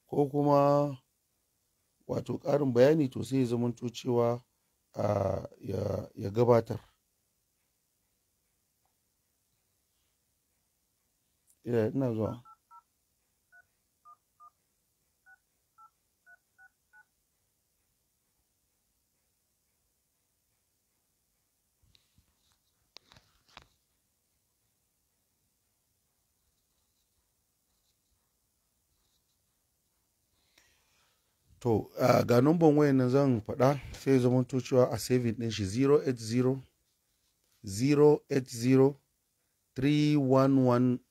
ko kuma wato ƙarin bayani to sai ya zama cewa ya gabatar ina zuwa to uh, ga numban wayan nan zan faɗa sai zama to cewa a saving ɗin shi 080 080 311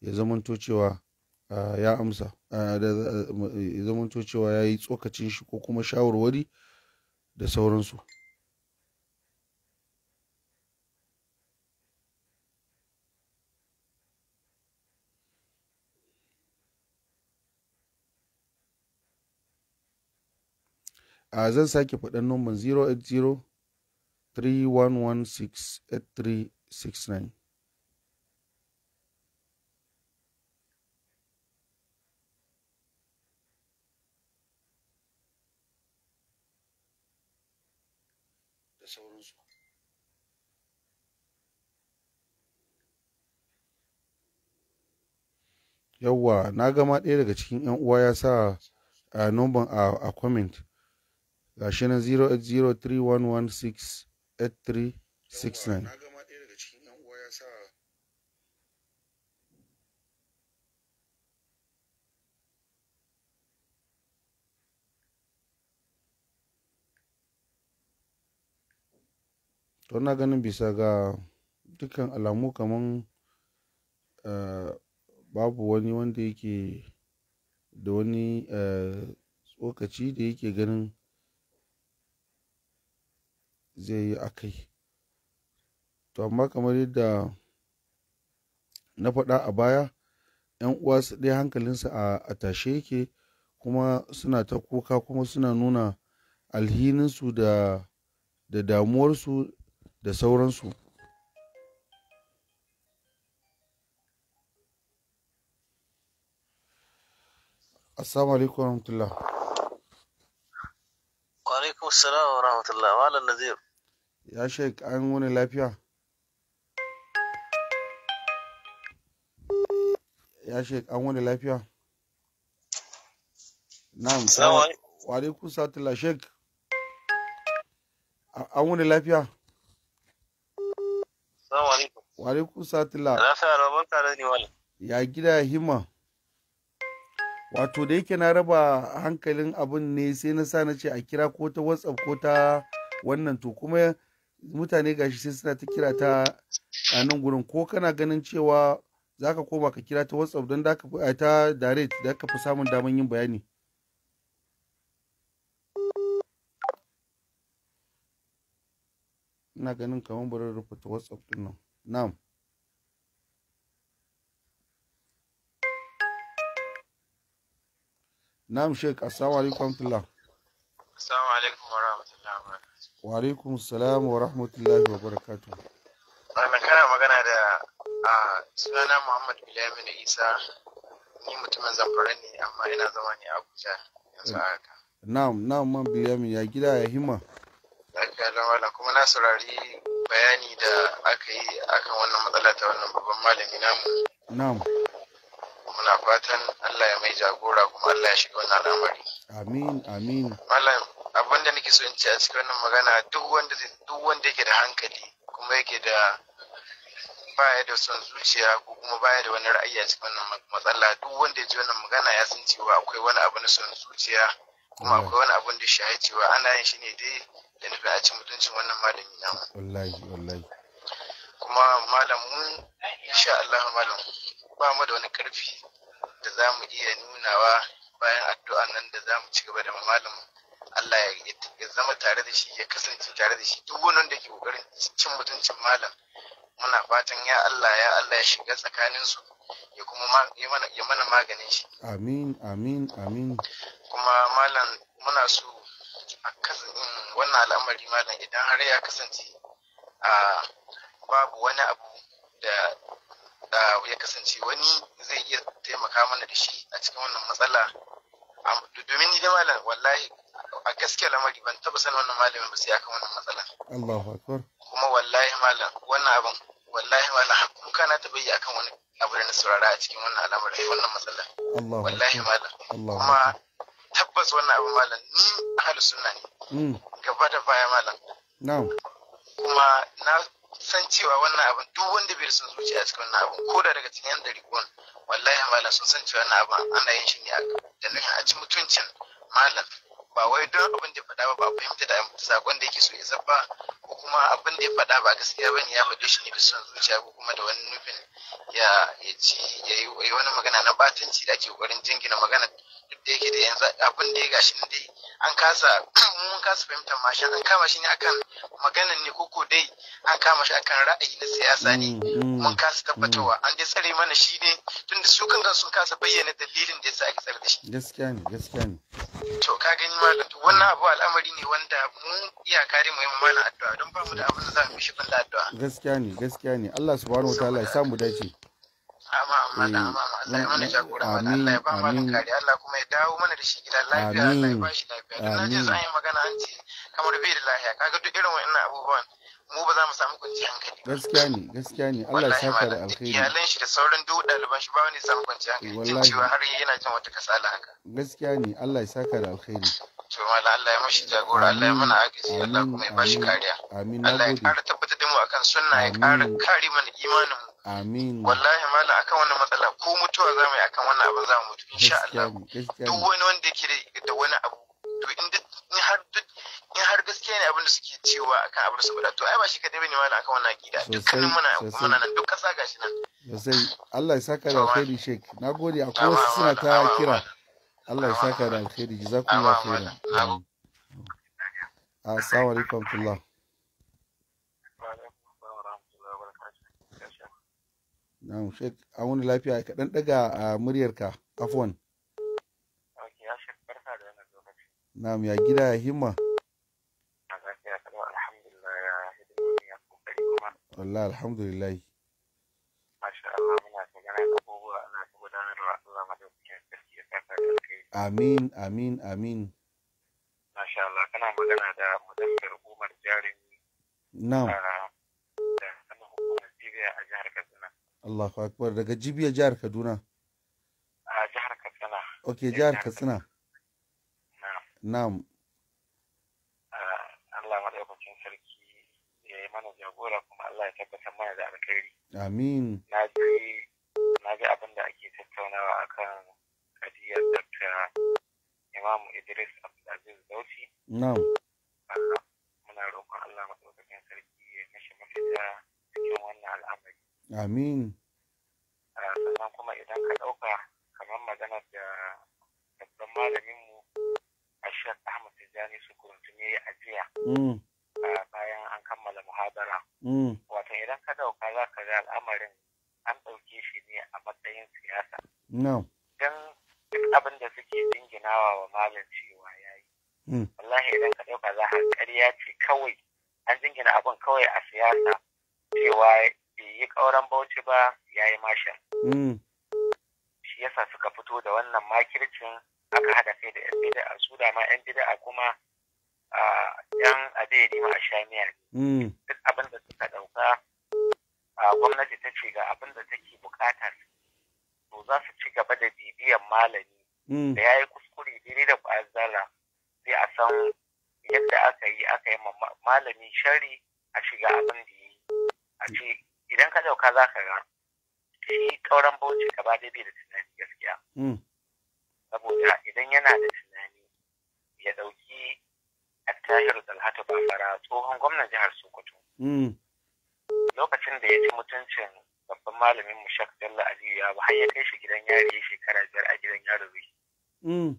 ya zamanto cewa ya amsa ya zamanto cewa ya yi tsokacin shi ko kuma shawarwari da sauransu a zan sake faɗan nomban 080 3116 8369 yawwa na gama ɗaya daga cikin yan uwa ya sa eh, a numban a comment gashi nan 08031168369 to na ganin bisa ga dukkan alamu kaman eh, babu wani wanda yake da wani eh, tsokaci da yake ganin zai yi a kai to amma kamar yadda na faɗa a baya 'yan uwa su ɗaya hankalinsu a tashe yake kuma suna ta kuka kuma suna nuna alhininsu da da damuwarsu da sauransu Assalamu alaikum warahmatullah. Wa alaikum assalam wa rahmatullah. Malam Nazir. Ya Sheikh an wani lafiya? Ya Sheikh an wani lafiya? Na'am. Assalamu alaikum. Wa alaikum assalam Sheikh. An wani lafiya? Assalamu alaikum. Wa alaikum assalam. Lafiya, barka da ni wani. Ya gida himma. wato da yake na raba hankalin abun ne sai na sa na ce a kira ko ta whatsapp ko ta wannan to kuma mutane gashi sai suna ta kira ta a nan gurin ko kana ganin cewa zaka koma ka kira ta whatsapp don da ka eh, ta direct da ka fi samun daman yin bayani ina ganin kamar bari whatsapp din nan Na'am Sheikh, assalamu alaikum warahmatullah. wabarakatuh. Wa alaikum salam wa rahmatullahi wa barakatuh. Wannan kana magana da a sunana Muhammad Bilamin Isa ni mutumin Zamfara ne amma ina zama ne a Abuja yanzu haka. Na'am, na'am man Bilamin ya gida ya himma. Lafiya da wala kuma na saurari bayani da aka yi akan wannan matsala ta wannan babban malami namu. Na'am. muna fatan Allah ya mai jagora kuma Allah ya shiga wannan al'amari amin amin malam abin da nake so in ce a cikin wannan magana duk wanda duk wanda yake da hankali kuma yake da baya da son zuciya ko kuma baya da wani ra'ayi a cikin wannan matsala duk wanda ya ji wannan magana ya san cewa akwai wani abu na son zuciya kuma akwai wani abu da shi cewa ana yin shi ne dai da nufin a ci mutuncin wannan malami na wallahi wallahi kuma malamun, insha Allah malamu. ba mu da wani karfi da za mu iya nunawa bayan addu'a nan da za mu ci gaba da malam Allah ya zama tare da shi ya kasance tare da shi duk wannan da ke kokarin cin mutuncin malam muna fatan ya Allah ya Allah ya shiga tsakanin su ya kuma ya mana maganin shi amin amin amin kuma malam muna so mm, wannan al'amari malam idan har ya kasance a ah, babu wani abu da ya kasance wani zai iya taimaka mana da shi a cikin wannan matsala domin ni malam wallahi a gaskiya lamari ban taba sanin wannan malamin ba sai akan wannan matsala Allahu akbar kuma wallahi malam wannan abin wallahi malam hakuka na taba yi akan wani abu da na saurara a cikin wannan al'amari wannan matsala wallahi malam kuma tabbas wannan abu malam ni ahlus sunna ne hmm. gaba da baya malam na'am kuma na san cewa wannan abin duk wanda bai san zuciya cikin wannan abin ko da daga cikin dari dariƙon wallahi malam sun san cewa wannan abin ana yin shi ne da nan a ci mutuncin malam ba wai don abin da faɗa ba ba fahimta da sakon da yake so ya zaba ko kuma abin da ya faɗa ba gaskiya ba ne ya faɗo shi ne bisa zuciya ko kuma da wani nufin ya ci ya yi wani magana na batanci da ake kokarin jingina magana duk da yake da yanzu abin da ya gashi dai an kasa mun kasa fahimtar mashin an kama shi ne akan magana ne koko dai an kama shi akan ra'ayi na siyasa ne mm, mm. mun kasa tabbatarwa mm. an dai tsare mana shi ne tunda su kan sun kasa bayyana dalilin da yasa aka tsare da shi gaskiya ne gaskiya ne to ka gani malam to wannan abu al'amari ne wanda mu iya kare mu yi addu'a don ba mu da abin da za mu shi da addu'a gaskiya ne gaskiya ne Allah subhanahu wataala ya samu dace gaskiya ne gaskiya ne Allah ya saka da alkhairi iyalan shi da sauran duk ɗaliban shi ba wani samu kwanciyar hankali jin cewa har yana jin wata kasala haka gaskiya ne Allah ya saka da alkhairi to Allah ya mashi jagora Allah ya mana agaji Allah kuma ya bashi kariya Allah ya ƙara tabbatar da mu akan sunna ya ƙara kare mana imanin Amin. Wallahi mala akan wannan matsala ko mutuwa za mu yi akan wannan abin za mu mutu insha Allah. Duk wani wanda yake da wani abu to in har duk in har gaskiya ne abin da suke cewa akan abin su to ai ba shi kadai bane mala akan wannan akida dukkanin muna muna nan duk kasa gashi nan. sai Allah ya saka da alheri Sheikh. Nagode akwai wasu suna ta kira. Allah ya saka da alheri jazakumullahu khairan. Assalamu alaikum na'am shek a wani lafiya ka dan daga a muryarka afwan na'am ya gida ya himma Allah alhamdulillah masha Allah ana amin amin amin masha Allah kana magana da mudassir Umar jarumi na'am ah, Allahu akbar daga Jibiya jihar Kaduna. A jihar Katsina. Ok eh, jihar Katsina. Na'am. Eh, Allah madaukakin sarki ya yi mana jagora kuma Allah ya tabbatar mana da alkhairi. Amin. Na ji na ji abin da ake tattaunawa akan kadiyar Dr. Imam Idris Abdulaziz Bauchi. Na'am. Muna roƙon Allah madaukakin sarki ya kashe mafita cikin wannan al'amari. Amin. Ah, sannan kuma idan ka ɗauka kamar maganar da babban malaminmu Ashir Ahmad Tijjani su kuruntumi a jiya. Mm. Bayan an kammala muhabara. Mm. Wato idan ka ɗauka za ka ga al'amarin an ɗauke shi ne a matsayin siyasa. Don abin da suke jinginawa wa malam cewa ya yi. Mm. Wallahi idan ka ɗauka za ka ƙarya ce kawai an jingina abin kawai a siyasa cewa yi kauran bauchi ba ya yi mashin. Hmm. Shi yasa suka fito da wannan makircin aka haɗa kai da 'yan bida'a su da ma 'yan bida'a kuma yan ya ma a shamiya ne. Hmm. Duk abin da suka ɗauka gwamnati ta ce ga abin da take buƙatar to za su ci gaba da bibiyan malami hmm. da ya yi kuskure dire da ƙwazara sai a san yadda aka yi aka yi malami shari a shiga abin da ya yi a ce idan ka dauka za ka ga shi kauran bauchi ka ba dai da tunani gaskiya hmm. saboda idan yana da tunani ya dauki attahir dalhatu bafara tsohon gwamnan jihar sokoto hmm. lokacin da ya ci mutuncin babban malamin mu shak bello aliyu ya ba har kai shi gidan yari shekara biyar a gidan yari zai hmm.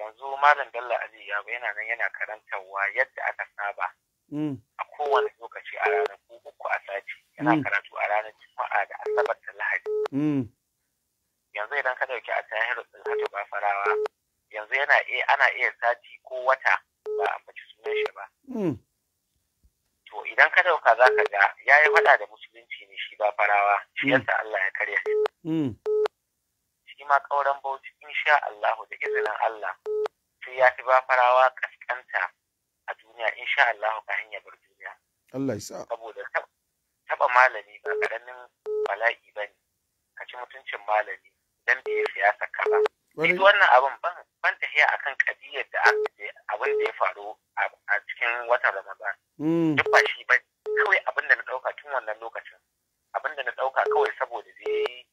yanzu malam bello aliyu ya ba yana nan yana karantarwa yadda aka saba Mm. a kowane lokaci a ranar uku a sati yana mm. karatu a ranar juma'a da asabar da lahadi mm. yanzu idan ka dauki a tahiru din hato ba farawa yanzu yana iya ana iya sati ko wata ba a ambaci sunan shi ba to idan ka dauka za ka ga ya yi faɗa da musulunci ne shi ba farawa shi yasa Allah ya karya shi shi ma kauran bauchi insha Allahu da izinin Allah sai ya fi ba farawa kaskanta duniya sha Allah ka hanya bar duniya Allah ya saboda taba malami ba karamin bala'i bane ka ci mutuncin malami dan da ya siyasa kaza duk wannan abin ban ban tafiya akan kadiyar da aka abin da ya faru a cikin watan Ramadan hmm. duk ba shi ba kawai abin da na dauka tun wannan lokacin abin da na dauka kawai saboda zai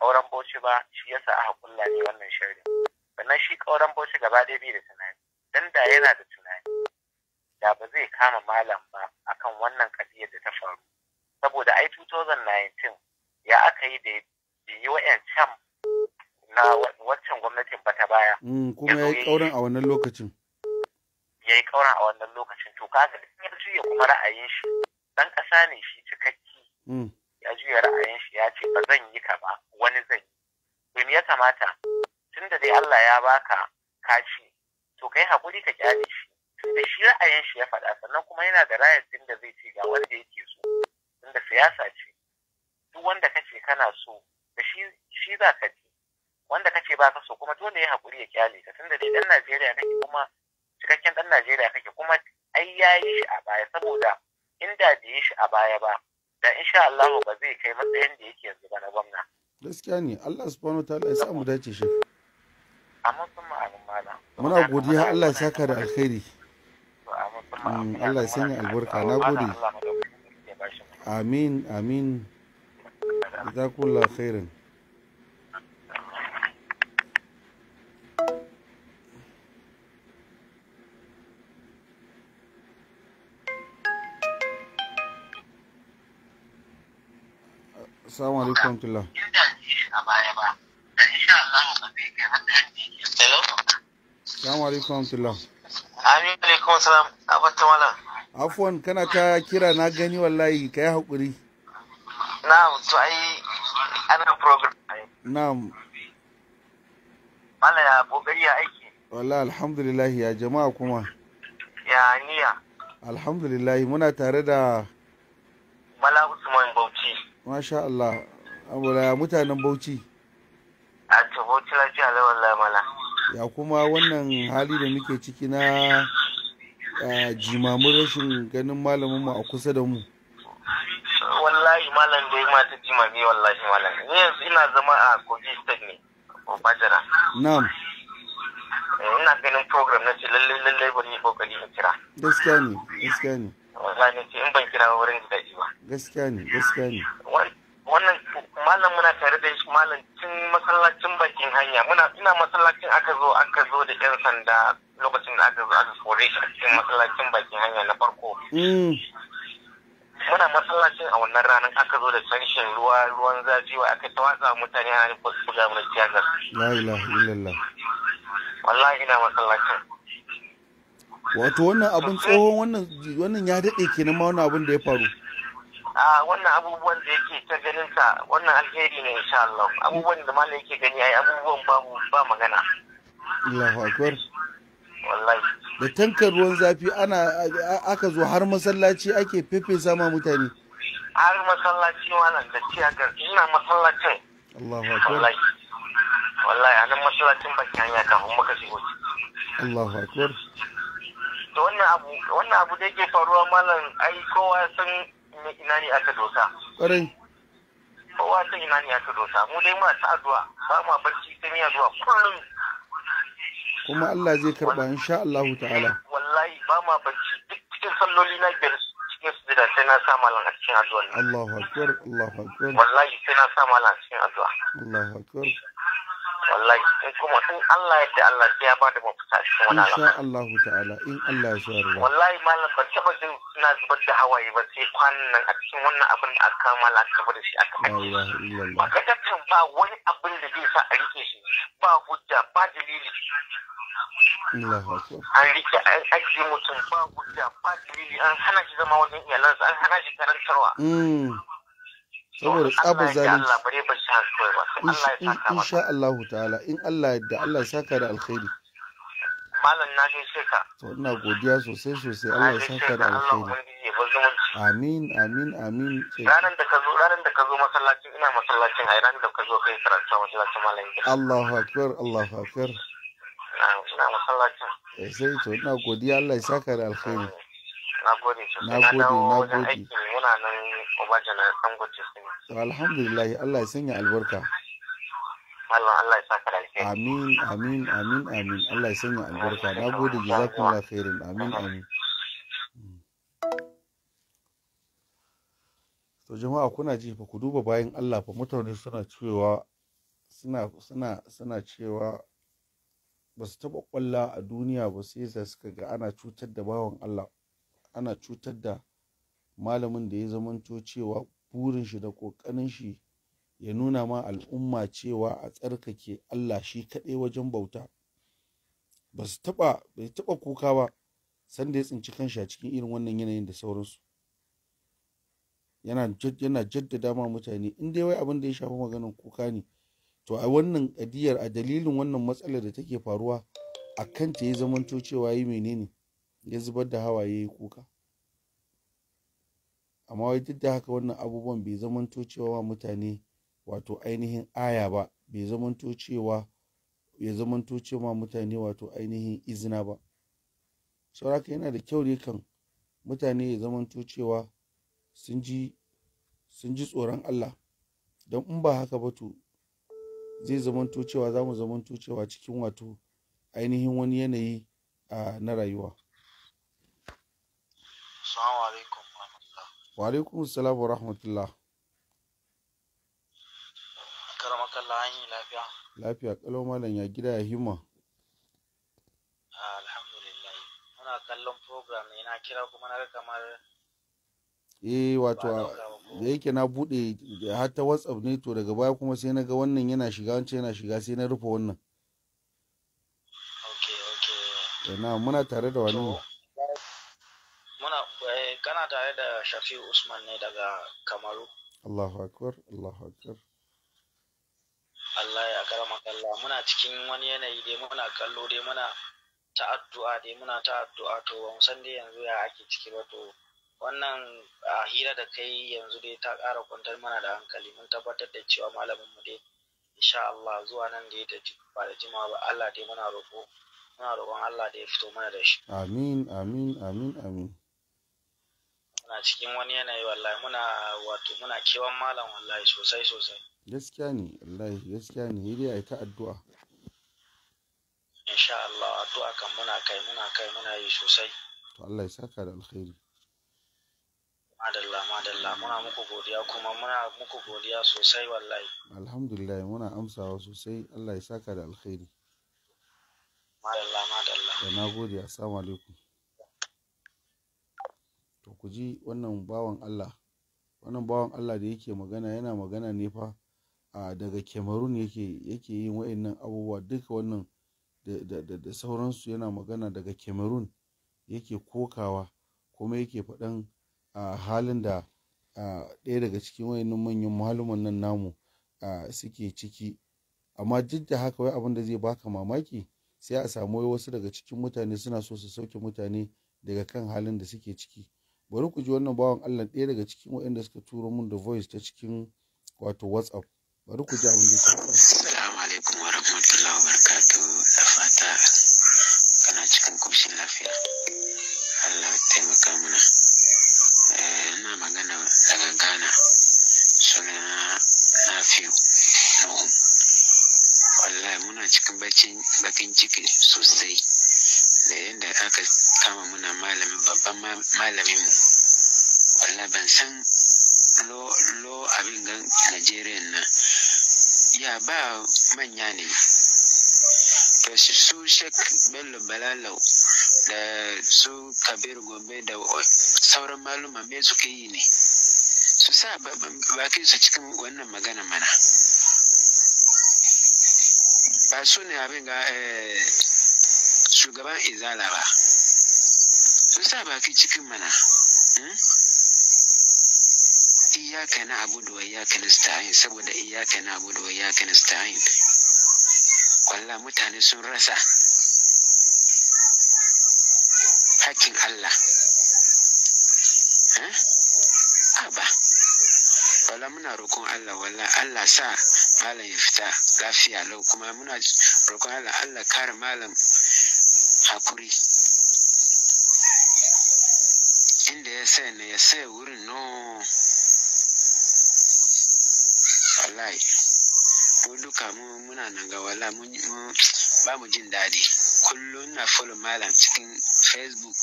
kauran bauchi ba shi ya sa aka kulla ne wannan shirin sannan shi kauran bauchi gaba ɗaya bai da tunani dan da yana da tunani da ba zai kama malam ba akan wannan kadiyar da ta faru saboda ai 2019 ya aka yi da yi can na waccan gwamnatin bata baya mm, kuma ya yi kauran a wannan lokacin ya yi kauran a wannan lokacin to kaga ya juya kuma ra'ayin shi dan ƙasa ne shi cikakki mm. ya juya ra'ayin shi ya ce ba zan yi ka ba wani zai to ya kamata tunda dai Allah ya baka kashi to kai hakuri ka kyale shi da shi ra'ayin shi ya faɗa sannan kuma yana da ra'ayin din da zai ce ga wanda yake so inda siyasa ce duk wanda kace kana so da shi shi za ka ji wanda kace ba ka so kuma dole ya haƙuri ya kyale ka tunda dai ɗan Najeriya kake kuma cikakken ɗan Najeriya kake kuma ai ya yi shi a baya saboda inda da yi shi a baya ba da insha Allah ba zai kai matsayin da yake yanzu ba na gwamna. Gaskiya ne Allah subhanahu ta'ala ya samu dace shi. Amma sun ma'anin mala Muna godiya Allah ya saka da alkhairi. Allah ya sanya albarka na gode amin amin za jazakullah khairan Assalamu alaikum tullah. Assalamu alaikum tullah. alaikum salam abata malam afuwan kana ta kira na gani wallahi ka yi haƙuri na'am to ai ana program na'am mala ya kokari ya aiki wallahi alhamdulillah ya jama'a kuma ya niya alhamdulillah muna tare da Bala Usman Bauchi masha Allah ya mutanen Bauchi a to Bauchi lafiya lawalla mala ya kuma wannan hali da muke ciki na jimamin rashin ganin malamin mu a kusa da mu wallahi malam da ma ta jimami wallahi malam ni yanzu ina zama a kogi state ne bajara na'am eh, ina ganin program na ce lalle lalle bari kokari na kira gaskiya ne gaskiya ne wallahi ce in ban kira wurin da ba gaskiya ne gaskiya ne wannan malam muna tare da shi malam tun masallacin bakin hanya muna ina masallacin aka zo aka zo da yan sanda lokacin da aka zo aka kore shi cikin masallacin bakin hanya na farko mm. muna masallacin a wannan ranar aka zo da sanshin ruwa ruwan zafi wa aka ta watsa mutane a ba su buga mana tiyagar la ilaha illallah wallahi ina masallacin wato wannan abun tsohon wannan ya dade kenan ma wani abun da ya faru a wannan abubuwan da yake ta ganin sa wannan alheri ne insha Allah abubuwan da malam yake gani ai abubuwan babu ba magana Allahu akbar wallahi da tankar ruwan zafi ana aka zo har masallaci ake fefe sama mutane har masallaci wannan da ciya ga ina masallacin Allahu akbar wallahi a nan masallacin bakin hanya kafin muka shigo Allahu akbar da wannan abu wannan abu da yake faruwa malam ai kowa san ina ne aka mu dai masu addu'a ba miya zuwa kullum kuma Allah zai in sha Allah ta'ala wallahi ba mu barci duk cikin salloli na biyar cikin su da sai na sa malam a cikin addu'a Allahu akbar Allahu akbar wallahi sai na sa malam a cikin addu'a Allahu akbar wallahi in kuma in Allah ya da Allah ya ba da mafita cikin wani alaƙa insha Allah ta'ala in Allah ya share wallahi malam ban taba jin suna zubar da hawaye ba sai kwanan nan a cikin wannan abin da aka kama la aka da shi aka ajiye shi ba wani abin da zai sa a rike shi ba hujja ba dalili an rike an ajiye mutum ba hujja ba dalili an hana shi zama wajen iyalansa an hana shi karantarwa mm. saboda tsabar zalunci in sha Allah ta'ala in Allah yadda Allah ya saka da alkhairi malam na gaishe ka to ina godiya sosai sosai Allah ya saka da alkhairi amin amin amin ranar da ka zo ranar da ka zo masallacin ina masallacin ai ranar da ka zo kai karatu masallacin malam Allahu akbar Allahu akbar ina masallacin eh, sai to ina godiya Allah ya saka da alkhairi na gode sosai na dawo aikin muna nan obaja na san gwace sun alhamdulillah Allah ya sanya albarka Allah Allah ya saka lafiya amin amin amin amin Allah ya sanya albarka na gode jazakumullahu khairin amin amin to jama'a kuna ji fa ku duba bayan Allah fa mutane suna cewa suna suna suna cewa ba su taɓa ƙwalla a duniya ba sai da suka ga ana cutar da bawan Allah ana cutar da malamin da ya zamanto cewa burin shi da ƙoƙarin shi ya nuna ma al'umma cewa a tsarkake Allah shi kaɗai wajen bauta ba su taɓa bai taɓa kuka ba sanda ya tsinci kanshi a cikin irin wannan yanayin da sauransu yana yana jaddada ma mutane in dai wai abin da ya shafa maganar kuka ne to a wannan kadiyar a dalilin wannan matsalar da take faruwa akan kanta ya zamanto cewa yi menene ya zubar da hawaye ya kuka amma wai duk da haka wannan abubuwan bai zamanto cewa mutane wato ainihin aya ba bai zamanto cewa ya zamanto cewa mutane wato ainihin izina ba sauraka yana da kyau ne kan mutane ya zamanto cewa sun ji sun ji tsoron Allah don in ba haka ba to zai zamanto cewa za mu zamanto cewa cikin wato ainihin wani yanayi ah, na rayuwa Assalamu alaikum warahmatullah. Wa alaikum assalam wa rahmatullah. Karamakallah an yi lafiya. Lafiya kalau malam ya gida ya himma. Alhamdulillah. Muna kallon program ne na kira kuma na kamar Eh wato da yake na bude har ta WhatsApp ne to daga baya kuma sai na ga wannan yana shiga wancan yana shiga sai na rufe wannan. Okay okay. Yana eh, muna tare da wani. kana tare da shafi usman ne daga kamaru allahu akbar allahu akbar allah ya karama kalla muna cikin wani yanayi dai muna kallo dai muna ta addu'a dai muna ta to ba san dai yanzu ya ake ciki ba to wannan a hira da kai yanzu dai ta ƙara kwantar mana da hankali mun tabbatar da cewa malamin mu dai insha Allah zuwa nan da ta ba da jima ba Allah dai muna roƙo muna roƙon Allah da ya fito mana da shi amin amin amin amin na cikin wani yanayi wallahi muna wato muna kewan malam wallahi sosai sosai gaskiya ne wallahi gaskiya ne yi dai ta addu'a insha Allah addu'a kan muna kai muna kai muna yi sosai to Allah ya saka da alkhairi madalla madalla muna muku godiya kuma muna muku godiya sosai wallahi alhamdulillah muna amsawa sosai Allah ya saka da alkhairi madalla madalla da nagode assalamu alaikum ku ji wannan bawan Allah wannan bawan Allah da yake magana yana magana ne fa a daga Cameroon yake yake yin wayannan abubuwa duka wannan da, sauransu yana magana daga Cameroon yake kokawa kuma yake faɗan a halin da ɗaya daga cikin wayannan manyan maluman nan namu suke ciki amma duk da haka wai abin da zai baka mamaki sai a samu wasu daga cikin mutane suna so su sauke mutane daga kan halin da suke ciki bari ku ji wannan bawan Allah ɗaya daga cikin waɗanda suka turo mun da voice ta cikin wato WhatsApp bari ku ji abin da yake Assalamu alaikum wa rahmatullahi wa barakatuh da fata kana cikin kumshin lafiya Allah taimaka mana eh, ina magana daga Ghana sunana Nafiu wallahi muna cikin bakin ciki sosai da yadda aka kama muna malami babban malamin mu wallah ban san lo lo abin gan Najeriya nan ya ba manya ne to su shek Bello Balalau da su Kabir Gombe da sauran maluma me suka yi ne su sa bakin su cikin wannan magana mana ba su ne abin ga eh, shugaban izala ba sun sa baki cikin mana hmm? iyaka na abu da iyaka na sta'in saboda iyaka na abu da iyaka na sta'in kwallon mutane sun rasa hakkin Allah hmm? ba wala muna roƙon Allah wala Allah sa malam ya fita lafiya lau kuma muna roƙon Allah Allah kare malam hakuri inda ya sai na ya sai wurin no wallahi mu duka mu muna nan ga wala mu ba mu jin daɗi kullum na follow malam cikin facebook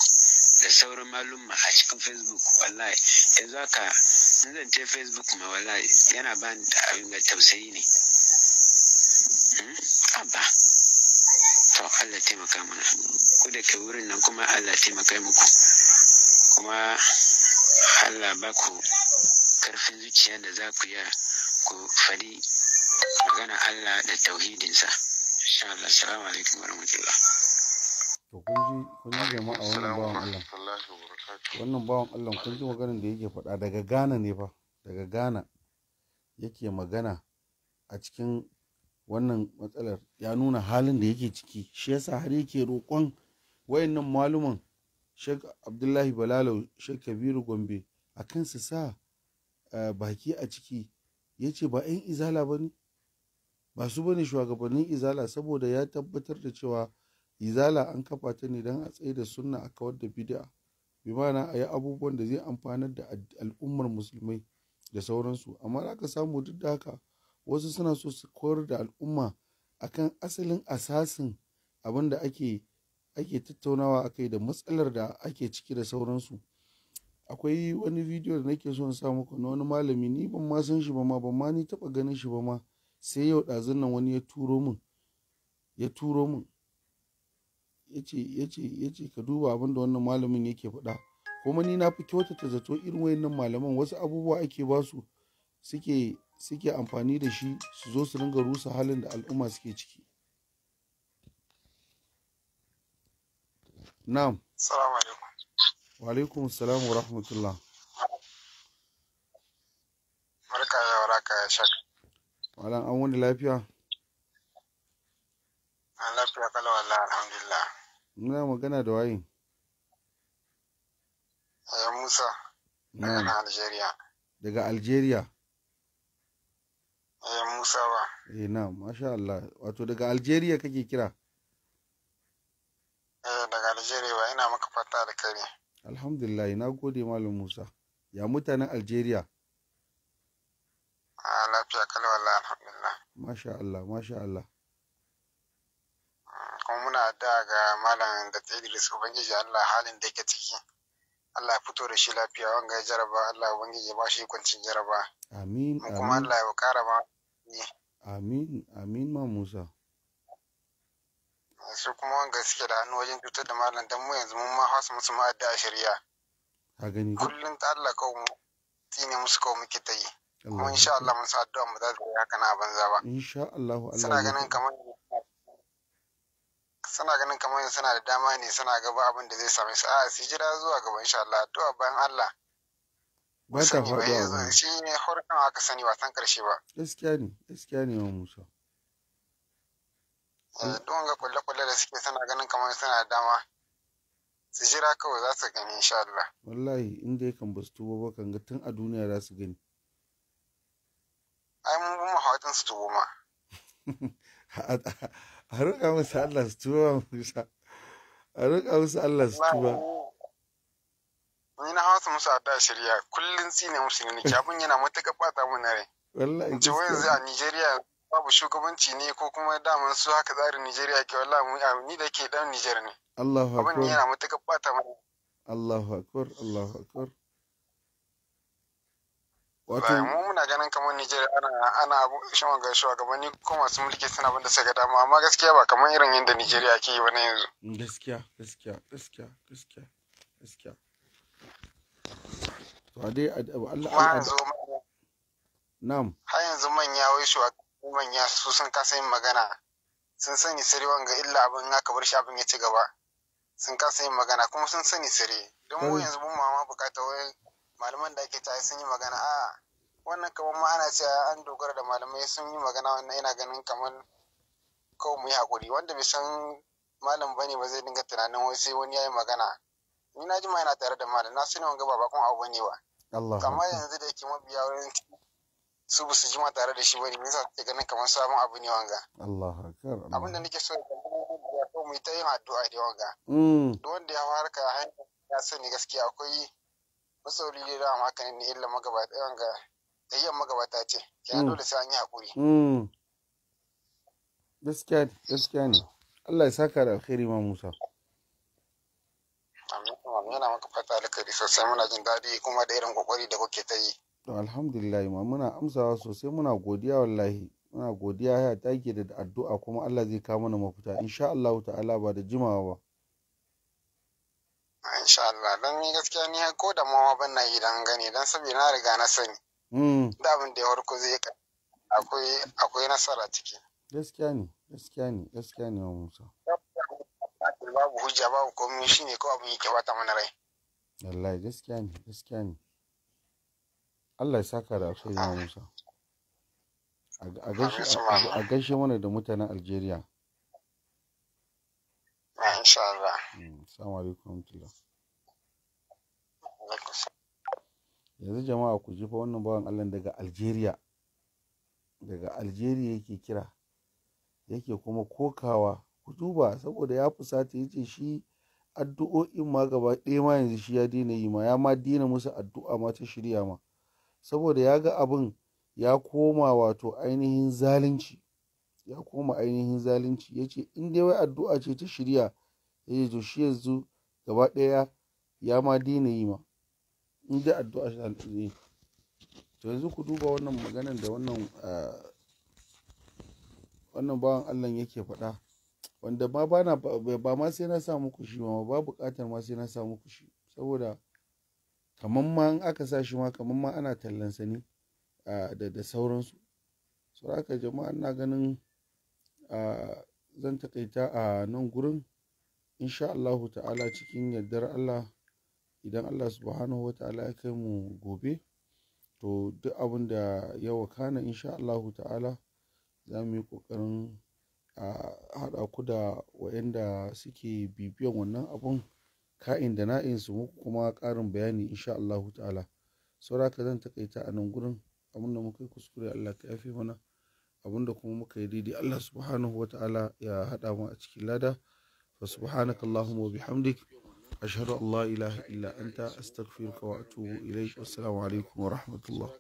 da sauran malumma a cikin facebook wallahi yanzu haka in zan ce facebook ma wallahi yana ba ni da abin da tausayi ne hmm? abba to allah taimaka mana ku da ke wurin nan kuma allah taimaka muku kuma Allah ba ku karfin zuciya da za ku yi ku fari magana Allah da tauhidinsa insha Allah assalamu alaikum warahmatullah to kun ji kun ji jama'a wannan bawan Allah wannan bawan Allah kun ji maganar da yake faɗa daga Ghana ne fa daga Ghana yake magana a cikin wannan matsalar ya nuna halin da yake ciki shi yasa har yake roƙon wayannan maluman sheikh abdullahi balalau sheikh kabiru gombe a kansa sa baki a ciki ya ce ba 'yan izala ba ne ba su bane shugabannin izala saboda ya tabbatar da cewa izala an kafa ta ne don a tsaye da sunna a kawar da bid'a bi mana a yi abubuwan da zai amfanar da al'ummar musulmai da sauransu amma aka samu duk da haka wasu suna so su koyar da al'umma akan asalin asasin abin da ake ake tattaunawa a kai da matsalar da ake ciki da sauransu akwai wani bidiyo da nake son sa muku na wani malami ni ban ma san shi ba ma ban ma ni taba ganin shi ba ma sai yau ɗazun nan wani ya turo min ya turo min ya ce ka duba abin da wannan malamin yake faɗa kuma ni na fi kyautata zato irin wayannan malaman wasu abubuwa ake ba su suke amfani da shi su zo su ringa rusa halin da al'umma suke ciki na'am assalamu alaikum wa alaikum assalam wa rahmatullah barka ya waraka ya shak malam an wani lafiya an lafiya kala wallahi alhamdulillah muna magana da waye ya eh, musa daga algeria daga algeria eh musa ba eh na masha Allah wato daga algeria kake kira Eh, daga Algeria ba ina maka fata da kare alhamdulillah na gode malam Musa ya mutanen Algeria a ah, lafiya kalau wallahi alhamdulillah masha Allah masha Allah mm, kuma muna da ga malam da ban ubangiji Allah halin da yake ciki Allah ya fito da shi lafiya wanga ya jaraba Allah ubangiji ya ba shi kwancin jaraba amin kuma Allah ya kara ma amin amin ma Musa su kuma wani gaske da hannu wajen cutar da malam dan mu yanzu mun ma hasu musu ma'adda a shari'a a gani kullun ta Allah kawo mu tine musu kawo muke ta yi kuma insha Allah mun sa addu'a mu za su yi hakan na banza ba insha Allah Allah suna ganin kamar suna ganin kamar suna da dama ne suna gaba abin da zai same su a su jira zuwa gaba insha Allah addu'a bayan Allah ba ta faɗuwa ba shi ne horkan aka sani ba san karshe ba gaskiya ne gaskiya ne wa Musa Eh. don ga kwalle-kwalle da suke suna ganin kamar suna dama su jira kawai za su gani insha Allah wallahi inda ya kan basu tubo ba kan ga tun a duniya za su gani ai mun goma hawatin su tubo ma a rika musu Allah su tuba musa a rika musu Allah su tuba ni na hausa musu adda shirya kullum tsine musu ne abun yana matuƙar ɓata mun rai wallahi ji wai a Nigeria babu shugabanci ne ko kuma daman su haka tsarin Nijeriya ke wallahi mu ni da ke dan Nijar ne Allahu akbar abin yana mutaka bata mu Allahu akbar Allahu akbar wato mu muna ganin kamar Nijar ana ana abu shan ga shugabanni ko masu mulki suna abin da suka dama amma gaskiya ba kamar irin yadda Nijeriya ke yi ba na yanzu gaskiya gaskiya gaskiya gaskiya gaskiya to dai Allah Allah na'am har yanzu manya wai shugabanni hukuman ya su sun kasa yin magana sun sani sare wanga illa abin ya bar shi abin ya ci gaba sun kasa yin magana kuma sun sani sare don mu mm. yanzu mun mama bukata wai malaman da ake tare sun yi magana a wannan kamar ma ana cewa an dogara da malamai sun yi magana wannan yana ganin kamar kawai mu yi hakuri wanda bai san malam bane ba zai dinga tunanin wai sai wani ya yi magana ni na ji ma yana tare da malam na sani wanga ba kuma abu ne ba kamar yanzu da yake mabiya wurin su ba su jima tare da shi ba ne nisa ta ganin kamar sabon abu ne wanga Allah akbar abin da nake so ya ko mu ta yin addu'a da wanga mm. duk wanda ya fara ka hanyar ya sani gaskiya akwai matsaloli da dama kanin ne illa magabata wanga tayyan magabata ce ya mm. dole sai an yi hakuri mm. gaskiya gaskiya ne Allah ya saka da alkhairi ma Musa amin yana maka fata alkhairi sosai muna jin daɗi kuma da irin kokari da kuke ta yi to alhamdulillah ma muna amsawa sosai muna godiya wallahi muna godiya ya take da addu'a kuma Allah zai kawo mana mafita insha Allah ta'ala ba da jimawa ba ah, insha Allah don ni gaskiya ni ko da ma ban na yi dan gane dan saboda na riga na sani hmm. da abin da ya farko zai akwai akwai nasara ciki gaskiya ne gaskiya ne gaskiya ne wa Musa babu hujja babu komai shine ko abin yake bata mana rai wallahi gaskiya ne gaskiya ne Allah ya saka da yi Musa a gaishe mana da mutanen Algeria mm, yanzu jama'a ku jifa wannan bawan Allah daga Algeria daga Algeria yake kira yake kuma kokawa ku duba saboda ya fusata yace shi addu'o'in ma gaba ɗaya ma yanzu shi ya dina yi ma ya ma dina musu addu'a ma ta shirya ma saboda ya ga abin ya koma wato ainihin zalunci ya koma ainihin zalunci ya ce in dai wai addu'a ce ta shirya ya ce to shi yanzu gaba ɗaya ya ma dina yi ma in dai addu'a ce ne to yanzu ku duba wannan maganan da wannan eh, wannan bawan Allah yake faɗa wanda ma ba na ba ma sai na sa muku shi ma ba buƙatar ma sai na sa muku shi saboda kaman ma in aka sa shi ma kamar ma ana sa ne da da sauransu so haka jama'a ina ganin zan takaita a nan gurin insha Allahu ta'ala cikin yardar Allah idan Allah subhanahu wa ta'ala ya kai mu gobe to duk abin da ya wakana insha Allahu ta'ala za mu yi ƙoƙarin a haɗa ku da waɗanda suke bibiyan wannan abun ka'in da na'in su muku kuma ƙarin bayani insha Allah ta'ala saura ka zan takaita a nan gurin abin da muka yi kuskure Allah ka yafe mana abin da kuma muka yi daidai Allah subhanahu wata'ala ya haɗa mu a cikin lada fa subhanaka Allahumma wa bihamdik ashhadu an la ilaha illa anta astaghfiruka wa atubu ilayk assalamu alaikum wa rahmatullah